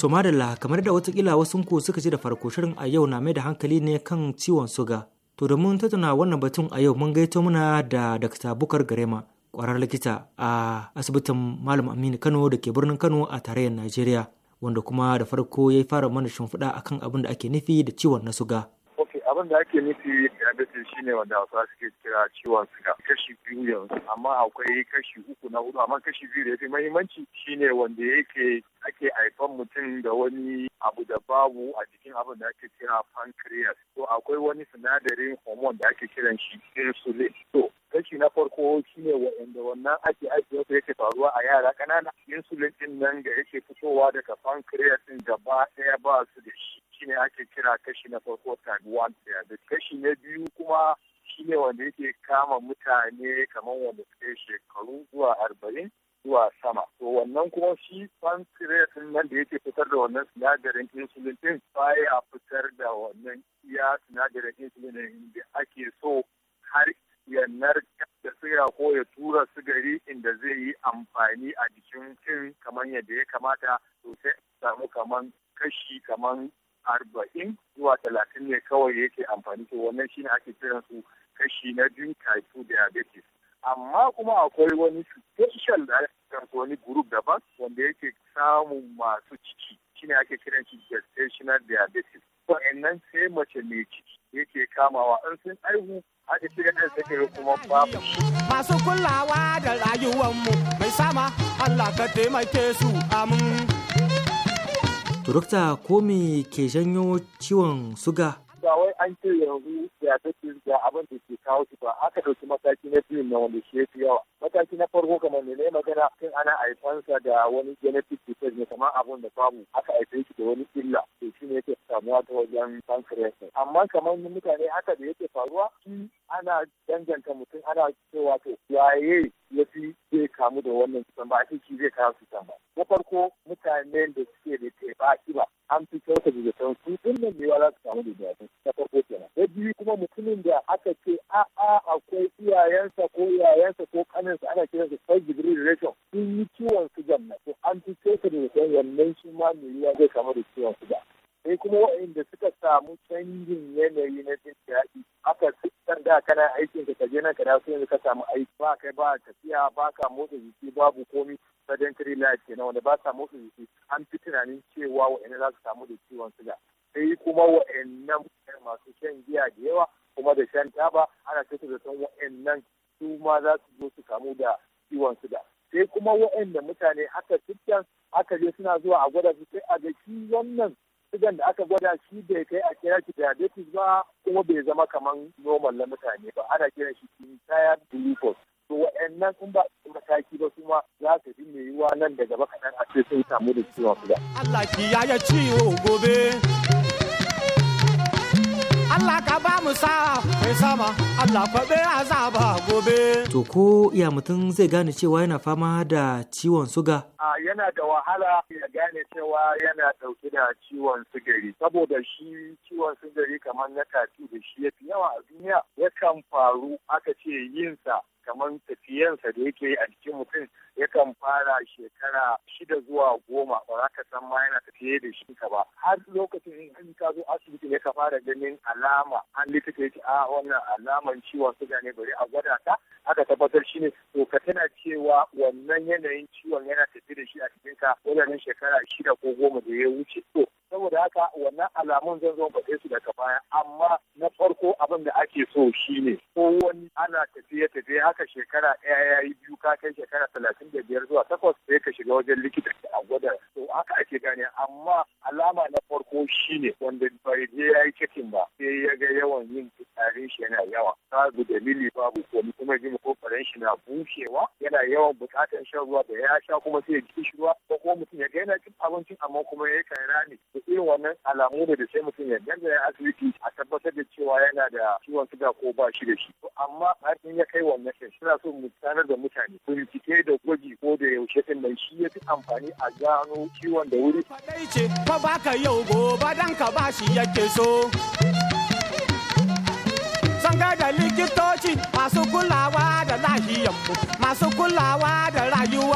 To madalla kamar da watakila wasu ku suka ji da farko shirin a yau na mai da hankali ne kan ciwon suga. To domin tattauna wannan batun a yau mun gaito muna da Dr. Bukar Garema kwarar likita a asibitin Malam Aminu Kano da ke birnin Kano a tarayyar Najeriya. Wanda kuma da farko ya fara mana shimfiɗa akan abin da ake nufi da ciwon na suga. abin da ake nufi shi shine wanda hausa suke kira ciwon suga kashi biyu yanzu amma akwai kashi uku na hudu amma kashi biyu da ya fi mahimmanci shine wanda yake ake haifan mutum da wani abu da babu a jikin abin da ake kira pancreas to akwai wani sinadarin hormone da ake kiran shi insulin to kashi na farko shine wanda wannan ake aiki wata yake faruwa a yara kanana insulin din nan da yake fitowa daga pancreas din gaba ɗaya ba su da shi shine ake kira kashi na farko type 1 diabetes kashi na biyu kuma shine wanda yake kama mutane kamar wanda suke shekaru zuwa arba'in zuwa sama to wannan kuma shi pancreas nan da yake fitar da wannan sinadarin insulin din baya fitar da wannan iya sinadarin insulin da ake so har ya da siga ko ya tura sigari inda zai yi amfani a jikin kin kamar yadda ya kamata to sai samu kamar kashi kamar arba'in zuwa talatin ne kawai yake amfani to wannan shine ake kiran su kashi na biyu type 2 diabetes amma kuma akwai wani special da ake wani group daban wanda yake samun masu ciki shine ake kiran shi gestational diabetes wa'annan sai mace mai ciki yake kamawa an sun aihu haka shirin da yi kuma babu masu kulawa da mu mai sama Allah ka taimake su amin Turukta ko me ke janyo ciwon suga ba wai an ce yanzu ya take da abin da ke kawo shi ba aka ɗauki mataki na biyu na wanda shi ya fi yawa mataki na farko kamar ne na magana kan ana aifansa da wani genetic disease ne kamar abin da babu aka haife shi da wani illa to shi ne yake samuwa ta wajen pancreas amma kamar mutane haka da yake faruwa shi ana danganta mutum ana cewa to yaye ya fi zai kamu da wannan cutan ba a ce shi zai kawo cutan ba na farko mutanen da suke da teɓa ba an fi kyauta da zaton su din nan ne za su samu da zaton na farko kenan da biyu kuma mutumin da aka ce a a akwai iyayensa ko iyayensa ko kaninsa ana su first degree relation sun yi ciwon suga na to an fi kyauta da zaton wannan su ma mai yiwa zai samu da ciwon suga sai kuma waɗanda suka samu canjin yanayi na jin daɗi aka san da kana aikin ka je nan ka dawo yanzu ka samu aiki ba kai ba tafiya ba ka motsa jiki babu komi sedentary life kenan wanda ba sa motsa jiki an fi tunanin cewa wa'annan za su samu da ciwon suga sai kuma wa'annan masu shan giya da yawa kuma da shan taba ana cewa da san wa'annan su ma za su zo su kamu da ciwon suga sai kuma wa'anda mutane aka cikin aka je suna zuwa a gwada su sai a ga shi wannan sugan da aka gwada shi bai kai a kira shi diabetes ba kuma bai zama kamar normal na mutane ba ana kiran shi tired glucose to wa'annan in ba mataki ba kuma za su mai yiwuwa nan da gaba kaɗan a ce sun samu da ciwon suga. Allah ki ya ya ciwo gobe. Allah ka ba mu sa mai sama Allah bai azaba gobe. To ko ya mutum zai gane cewa yana fama da ciwon suga? A yana da wahala ya gane cewa yana ɗauke da ciwon sugari saboda shi ciwon sugari kamar na tatu da shi yafi yawa a duniya yakan faru aka ce yinsa kamar tafiyansa da yake a jikin mutum yakan fara shekara shida zuwa goma ba za ka san ma yana tafiye da shi ka ba har lokacin in ka zo asibiti ne ka fara ganin alama an likita ya a ah, wannan alaman ciwon suga ne bari a gwada ta aka tabbatar shi ne to ka tana cewa wannan yanayin ciwon yana tafi da shi a cikin ka wajen shekara shida ko goma da ya wuce to saboda haka wannan alamun zan zo ba su daga baya amma na farko abin da ake so shine ko wani ana tafiye tafiye haka shekara ɗaya ya yi biyu ka kai shekara talatin da biyar zuwa takwas sai ka shiga wajen likita a gwada to haka ake gane amma alama na farko shine wanda bai je ya yi cikin ba sai ya ga yawan yin fitsarin shi yana yawa babu dalili babu komai kuma ji makofarin shi na bushewa yana yawan bukatar shan ruwa da ya sha kuma sai ya ji shi ruwa ko kuma mutum ya gaina yana cin abincin amma kuma ya kai rani da irin wannan alamu ne da sai mutum ya ya asibiti a tabbatar da cewa yana da ciwon suga ko ba shi da shi amma har in ya kai wannan shi suna so mu sanar da mutane bincike da gwaji ko da yaushe din nan shi ya fi amfani a gano ciwon da wuri. Fadai ce fa baka yau gobe dan ka ba shi yake so. zan da likitoci masu kulawa da lahiyanmu masu kulawa da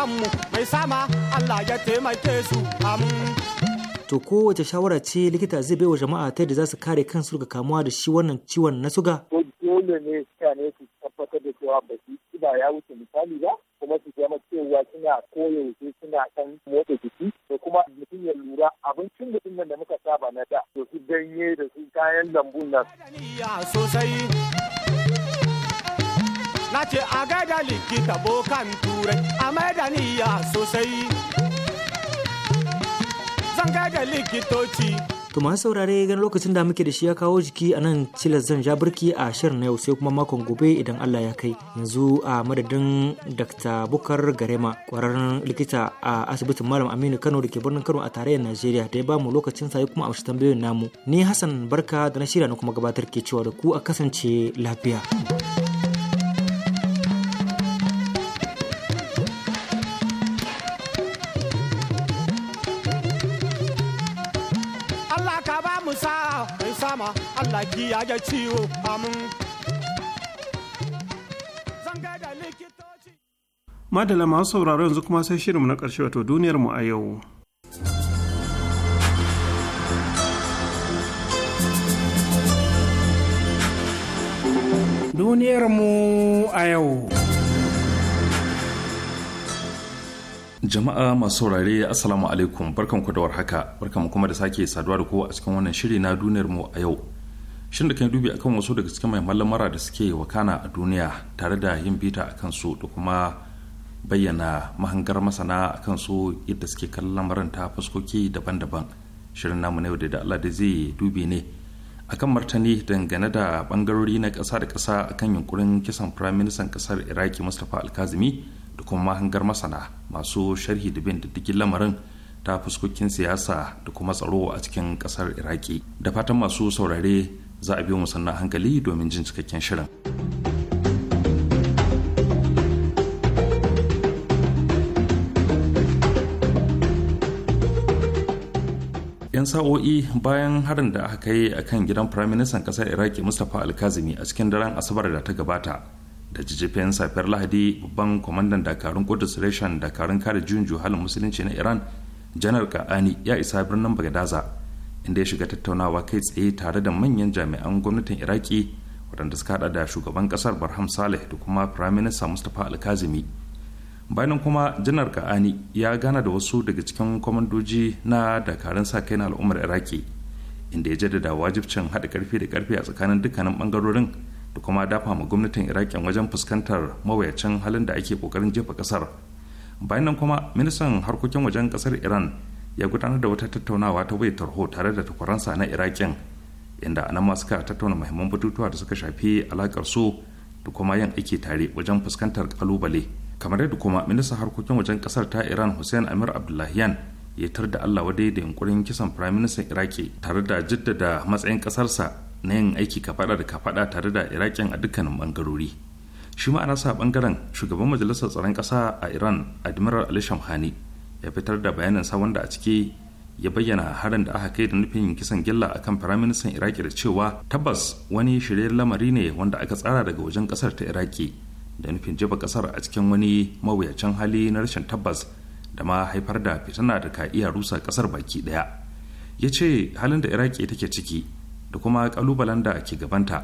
mu mai sama Allah ya taimake su To kowace shawara ce likita zai bai wa jama'a ta da za su kare kansu daga kamuwa da shi wannan ciwon na suga? Dole ne ne su tabbatar da cewa ba su ba ya wuce misali ba kuma su zama cewa suna koyaushe suna kan motsa jiki da kuma mutum ya lura abincin mutum nan da muka saba na da to su ganye da su kayan lambu nan. na ce a gaida likita bokan turai a maida sosai zan gaida likitoci To masu saurare ganin lokacin da muke da shi ya kawo jiki a nan cilas zan ja birki a shirin na yau sai kuma makon gobe idan Allah ya kai. Yanzu a madadin Dr. Bukar Garema kwararren likita a asibitin Malam Aminu Kano da ke birnin Kano a tarayyar Najeriya da ya bamu lokacin sa kuma amshi tambayoyin namu. Ni Hassan Barka da na shirya na kuma gabatar ke cewa da ku a kasance lafiya. madala masu sauraro yanzu kuma sai shirinmu na ƙarshe wato duniyar mu a yau duniyar mu a yau Jama'a masu saurare Assalamu alaikum barkanku da warhaka barkanku kuma da sake saduwa da ku a cikin wannan shiri na duniyar a yau shin da kan dubi akan wasu daga cikin mai mallamara da suke wakana a duniya tare da yin bita a kansu da kuma bayyana mahangar masana a kansu yadda suke kallon lamarin ta fuskoki daban-daban shirin namu na yau da Allah da zai dubi ne akan martani dangane da bangarori na ƙasa da ƙasa akan yunkurin kisan firaministan ƙasar iraki mustapha alkazimi da kuma mahangar masana masu sharhi da bin diddigin lamarin ta fuskokin siyasa da kuma tsaro a cikin ƙasar iraki da fatan masu saurare za a biyo mu sannan hankali domin jin cikakken shirin. yan sa'o'i bayan harin da aka kai a kan gidan firaministan ƙasar iraki mustapha alkazimi a cikin daren asabar da ta gabata da jijjifin safiyar lahadi babban kwamandan dakarun kudus reshen dakarun kare juyin halin musulunci na iran janar ka'ani ya isa birnin bagadaza inda ya shiga tattaunawa kai tsaye tare da manyan jami'an gwamnatin iraki waɗanda suka haɗa da shugaban ƙasar barham saleh da kuma firaminista mustapha alkazimi bayanan kuma janar ka'ani ya gana da wasu daga cikin kwamandoji na dakarun sa kai na al'ummar iraki inda ya jaddada wajibcin haɗa ƙarfi da ƙarfi a tsakanin dukkanin ɓangarorin da kuma dafa ma gwamnatin iraki wajen fuskantar mawuyacin halin da ake ƙoƙarin jefa ƙasar bayan kuma ministan harkokin wajen ƙasar iran ya gudanar da wata tattaunawa ta wayar tarho tare da takwaransa na iraƙin inda anan ma suka tattauna mahimman batutuwa da suka shafi alakar su da kuma yin aiki tare wajen fuskantar kalubale kamar yadda kuma ministan harkokin wajen kasar ta iran hussein amir abdullahiyan ya tar da allah wadai da yunkurin kisan firaministan iraki tare da jaddada matsayin kasarsa na yin aiki kafaɗa da kafaɗa tare da irakin a dukkanin bangarori shi ma'ana sa bangaren shugaban majalisar tsaron ƙasa a iran admiral ali shamhani ya fitar da bayanin sa wanda a ciki ya bayyana harin da aka kai da nufin kisan gilla akan firaministan iraki da cewa tabbas wani shirye lamari ne wanda aka tsara daga wajen kasar ta iraki da nufin jefa kasar a cikin wani mawuyacin hali na rashin tabbas da ma haifar da fitina da ka iya rusa kasar baki daya ya ce halin da iraki take ciki da kuma kalubalen da ke gabanta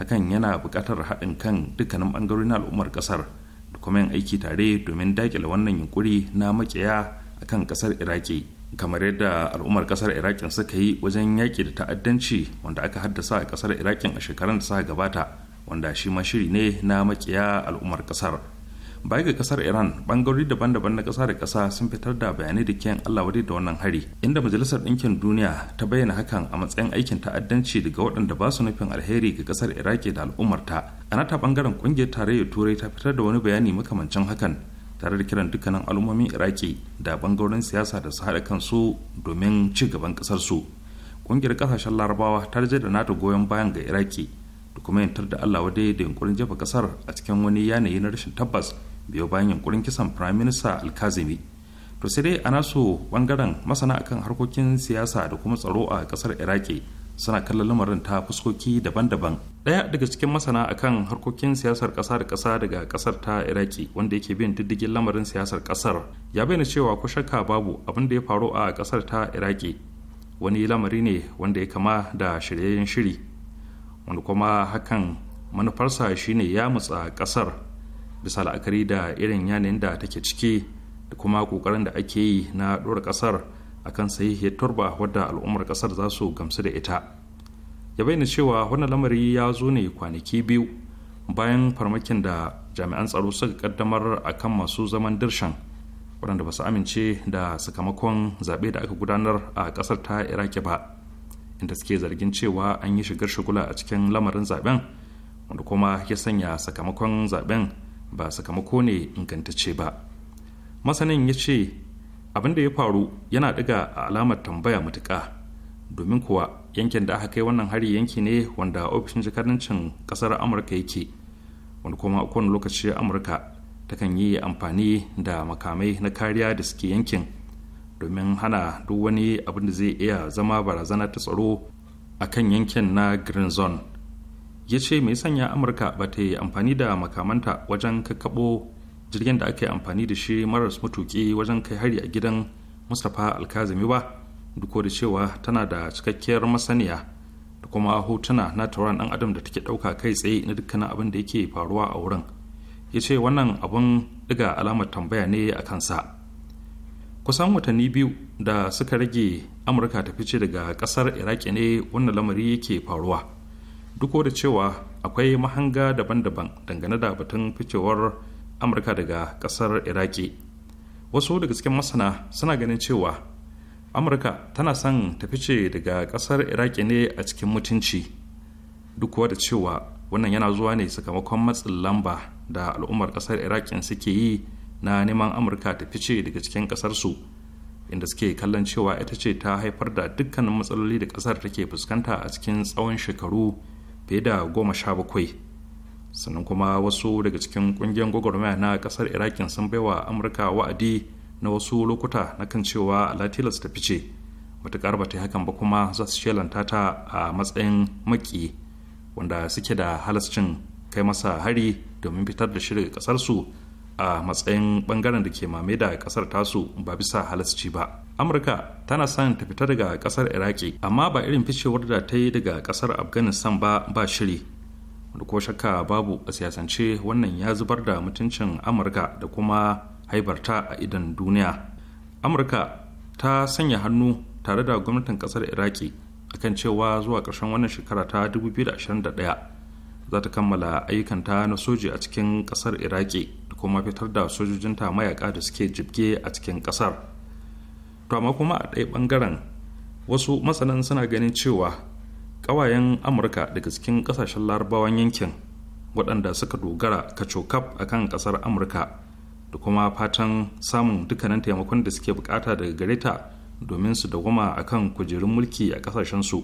hakan yana bukatar haɗin kan dukkanin bangarorin na al'ummar kasar da kuma yin aiki tare domin daƙile wannan yunkuri na makiya kan kasar iraki kamar yadda al'ummar kasar irakin suka yi wajen yaƙi da ta'addanci wanda aka haddasa a kasar irakin a shekarun da suka gabata wanda shi ma shiri ne na makiya al'ummar kasar baya ga kasar iran bangarori daban-daban na kasa da kasa sun fitar da bayanai da kiyan allah wadai da wannan hari inda majalisar ɗinkin duniya ta bayyana hakan a matsayin aikin ta'addanci daga waɗanda ba su nufin alheri ga kasar iraki da al'ummarta a nata ɓangaren ƙungiyar tarayyar turai ta fitar da wani bayani makamancin hakan tare da kiran dukkanin al'ummomin iraki da bangarorin siyasa da su haɗa kansu domin ci gaban ƙasar su ƙungiyar ƙasashen larabawa ta da nata goyon bayan ga iraki da kuma yantar da allah wadai da yunkurin jefa ƙasar a cikin wani yanayi na rashin tabbas biyo bayan yunkurin kisan firayim minista alkazimi to sai dai a naso bangaren masana akan harkokin siyasa da kuma tsaro a ƙasar iraki suna kallon lamarin ta fuskoki daban-daban ɗaya daga cikin masana akan harkokin siyasar ƙasa da ƙasa daga ƙasar ta iraki wanda yake bin diddigin lamarin siyasar ƙasar ya bayyana cewa ko shakka babu abin da ya faru a ƙasar ta iraki wani lamari ne wanda ya kama da shiryayyen shiri wanda kuma hakan manufarsa shine ya mutsa ƙasar bisa la'akari da irin yanayin da take ciki da kuma ƙoƙarin da ake yi na ɗora ƙasar akan sahihiyar turba wadda al'ummar kasar za su gamsu da ita ya bayyana cewa wannan lamari ya zo ne kwanaki biyu bayan farmakin da jami'an tsaro suka kaddamar kan masu zaman dirshan waɗanda ba su amince da sakamakon zaɓe da aka gudanar a ƙasar ta iraki ba inda suke zargin cewa an yi shigar shigula a cikin lamarin zaɓen wanda kuma ya sanya sakamakon zaɓen ba sakamako ne ingantacce ba masanin ya ce abin da ya faru yana ɗiga alamar tambaya matuka domin kuwa yankin da aka kai wannan hari yanki ne wanda ofishin jikadancin kasar amurka yake wanda kuma kowane lokaci amurka takan yi amfani da makamai na kariya da suke yankin domin hana duk wani abin da zai iya zama barazana ta tsaro a kan yankin na green zone ya ce mai sanya amurka ba ta yi amfani da makamanta wajen kakkaɓo jirgin da aka yi amfani da shi maras matuƙi wajen kai hari a gidan mustapha alkazimi ba duk da cewa tana da cikakkiyar masaniya da kuma hotuna na tauran dan adam da take ɗauka kai tsaye na dukkanin abin da yake faruwa a wurin ya ce wannan abun ɗiga alamar tambaya ne a kansa kusan watanni biyu da suka rage amurka ta fice daga ƙasar iraki ne wannan lamari yake faruwa duk da cewa akwai mahanga daban-daban dangane da batun ficewar amurka daga kasar iraki wasu daga cikin masana suna ganin cewa amurka tana son ta fice daga kasar iraki ne a cikin mutunci duk da cewa wannan yana zuwa ne sakamakon matsin lamba da al'ummar kasar iraki suke yi na neman amurka ta fice daga cikin kasarsu inda suke kallon cewa ita ce ta haifar da dukkanin matsaloli da ƙasar take fuskanta a cikin tsawon shekaru fiye da goma sha bakwai sannan kuma wasu daga cikin kungiyar gwagwarmaya na kasar irakin sun bai wa amurka wa'adi na wasu lokuta na kan cewa latilas ta fice matuƙar ba ta yi hakan ba kuma za su shelanta ta a matsayin maki wanda suke da halascin kai masa hari domin fitar da shirin ƙasarsu a matsayin bangaren da ke mame da kasar tasu ba bisa halasci ba amurka tana son ta fita daga kasar iraki amma ba irin ficewar da ta yi daga kasar afghanistan ba ba shiri wanda ko shakka babu a siyasance wannan ya zubar da mutuncin amurka da kuma haibarta a idan duniya amurka ta sanya hannu tare da gwamnatin kasar iraki akan cewa zuwa ƙarshen wannan shekara ta 2021 za ta kammala ayyukanta na soji a cikin kasar iraki da kuma fitar da sojojinta mayaka da suke jibge a cikin kasar to amma kuma a ɗaya ɓangaren wasu masanan suna ganin cewa ƙawayen amurka daga cikin kasashen larabawan yankin waɗanda suka dogara kacokaf a kan ƙasar amurka da kuma fatan samun dukkanin taimakon da suke bukata daga gare ta domin su dawama a kan kujerun mulki a ƙasashensu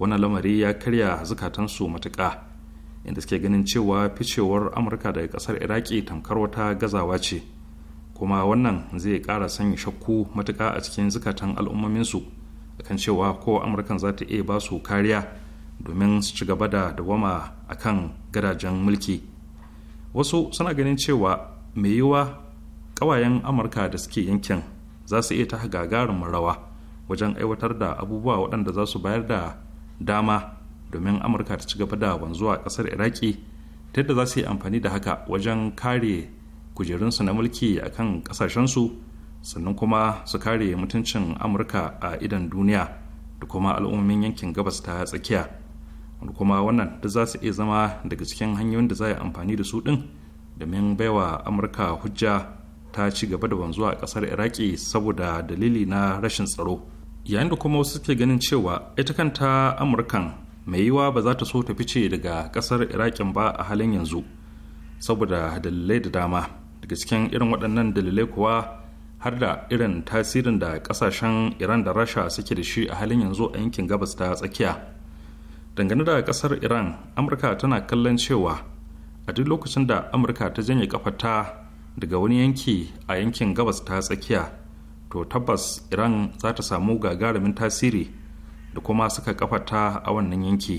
wannan lamari ya karya zukatansu matuka inda suke ganin cewa ficewar amurka daga ƙasar iraki tamkar wata gazawa ce kuma wannan zai ƙara sanya shakku matuka a cikin zukatan al'ummominsu kan cewa ko amurkan za ta iya ba su kariya domin su ci gaba da dawama kan gadajen mulki wasu suna ganin cewa mai yiwa kawayen amurka da suke yankin za su iya ta gagarin rawa wajen aiwatar da abubuwa waɗanda za su bayar da dama domin amurka ta ci gaba da wanzuwa ƙasar iraki ta yadda za su yi amfani da haka wajen kare kujerunsu na mulki a kan ƙasashensu sannan kuma su kare mutuncin amurka a idan duniya da kuma al'ummin yankin gabas ta tsakiya wanda kuma wannan da za su iya zama daga cikin hanyoyin da za a amfani da su ɗin domin baiwa amurka hujja ta ci gaba da wanzuwa a ƙasar iraki saboda dalili na rashin tsaro yayin da kuma wasu suke ganin cewa ita kanta amurkan mai yiwa ba za ta so ta fice daga ƙasar irakin ba a halin yanzu saboda dalilai da dama daga cikin irin waɗannan dalilai kuwa har da irin tasirin da kasashen iran da rasha suke da shi a halin yanzu a yankin gabas ta tsakiya dangane da kasar iran amurka tana kallon cewa a duk lokacin da amurka ta janye kafata daga wani yanki a yankin gabas ta tsakiya to tabbas iran za ta samu gagarumin tasiri da kuma suka kafata a wannan yanki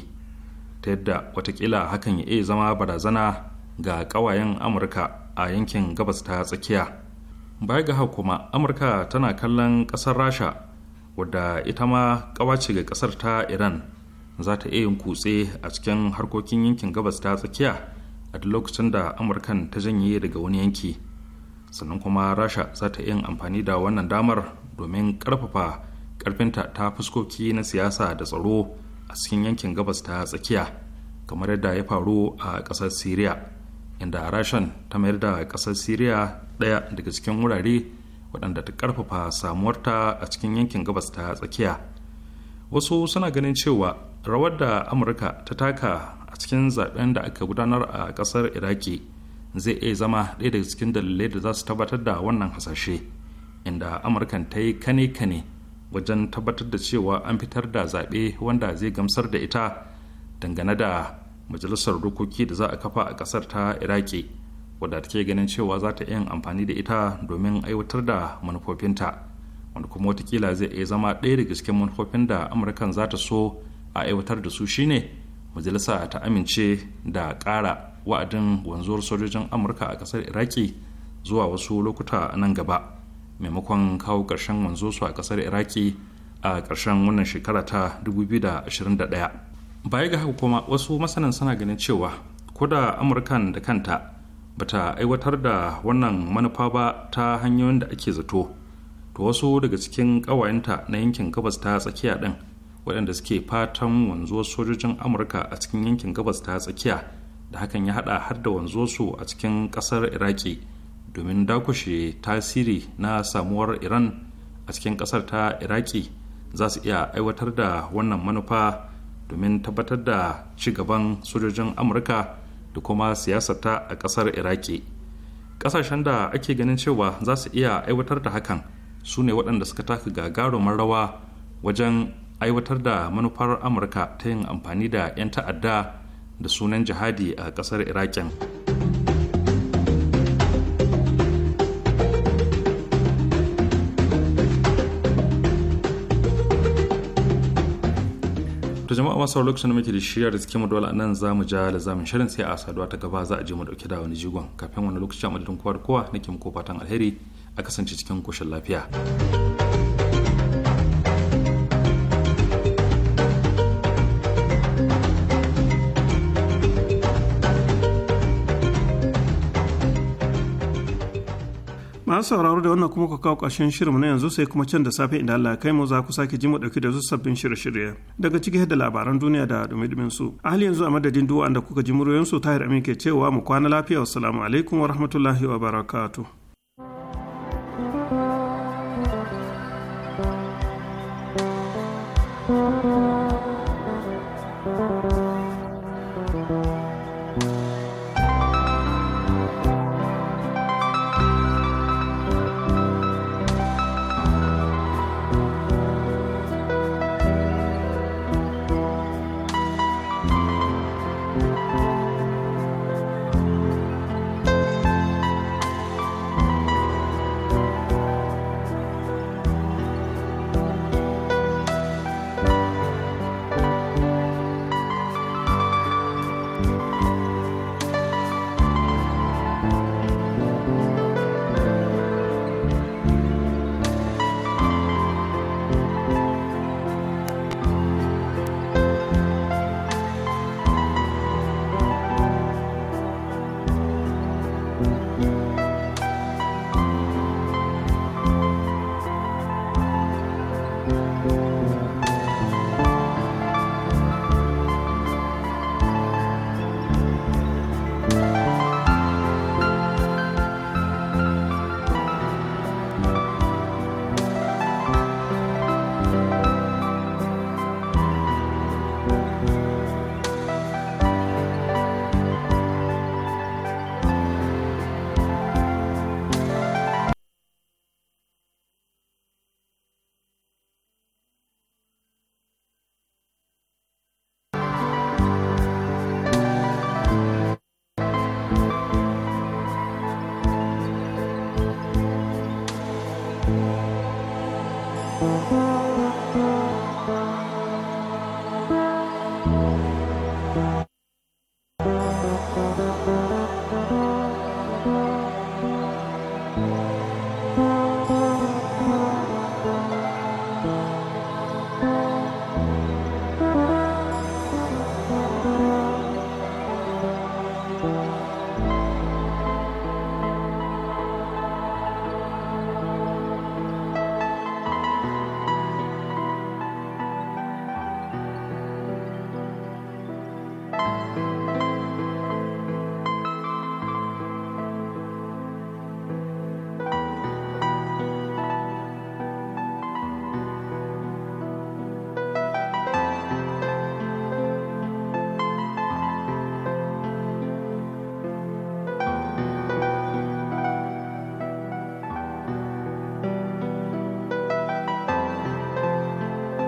ta yadda watakila hakan ya iya zama barazana ga kawayen amurka a yankin gabas ta tsakiya baya ga haka kuma amurka tana kallon ƙasar rasha wadda ita ma ƙawace ga ƙasar ta iran za ta iya yin kutse a cikin harkokin yankin gabas ta tsakiya a duk lokacin da amurkan ta janye daga wani yanki sannan kuma rasha za ta yin amfani da wannan damar domin karfafa ƙarfinta ta fuskoki na siyasa da tsaro a cikin yankin gabas ta tsakiya kamar yadda ya faru a ƙasar syria inda rashan ta mayar da kasar siriya ɗaya daga cikin wurare waɗanda ta ƙarfafa samuwarta a cikin yankin gabas ta tsakiya wasu suna ganin cewa rawar da amurka ta taka a cikin zaɓen da aka gudanar a ƙasar iraki zai iya zama ɗaya daga cikin dalilai da za su tabbatar da wannan hasashe inda amurkan ta yi kane-kane wajen tabbatar da cewa an fitar da zaɓe wanda zai gamsar da ita dangane da majalisar dokoki da za a kafa a kasar ta iraki wadda take ganin cewa za ta yin amfani da ita domin aiwatar da manufofinta wanda kuma watakila zai iya zama ɗaya daga cikin manufofin da amurkan za ta so a aiwatar da su shine majalisa ta amince da ƙara wa'adin wanzuwar sojojin amurka a ƙasar iraki zuwa wasu lokuta nan gaba maimakon kawo ƙarshen wanzo su a ƙasar iraki a ƙarshen wannan shekara ta 2021 baya ga haka kuma wasu masanan suna ganin cewa ko da amurkan da kanta bata aiwatar da wannan manufa ba ta hanyoyin da ake zato to wasu daga cikin ƙawayenta na yankin gabas ta tsakiya ɗin waɗanda suke fatan wanzuwar sojojin amurka a cikin yankin gabas ta tsakiya da hakan ya haɗa har da wanzuwarsu a cikin ƙasar iraki domin dakushe tasiri na samuwar iran a cikin ƙasar ta iraki za su iya aiwatar da wannan manufa domin tabbatar da ci gaban sojojin amurka da kuma siyasarta a kasar iraki kasashen da ake ganin cewa za su iya aiwatar da hakan su ne waɗanda suka taka gagarumin rawa wajen aiwatar da manufar amurka ta yin amfani da 'yan ta'adda da sunan jihadi a kasar iraki. amma sau lokacin da muke da shirya da cikin dole nan za mu ja da zamun shirin sai a saduwa ta gaba za a je mu dauki da wani jigon kafin wani lokacin a madadin kowa da kowa nake muku fatan alheri a kasance cikin koshin lafiya. masu sauraro da wannan kuma ka kawo ƙarshen shirinmu na yanzu sai kuma can da safe inda Allah kai mu za ku sake ji mu dauki da sabbin shirye-shirye daga ciki da labaran duniya da dumi-dumin su a hali yanzu a madadin duwa da kuka ji muryoyin su tahir amin ke cewa mu kwana lafiya wassalamu alaikum wa rahmatullahi wa barakatuh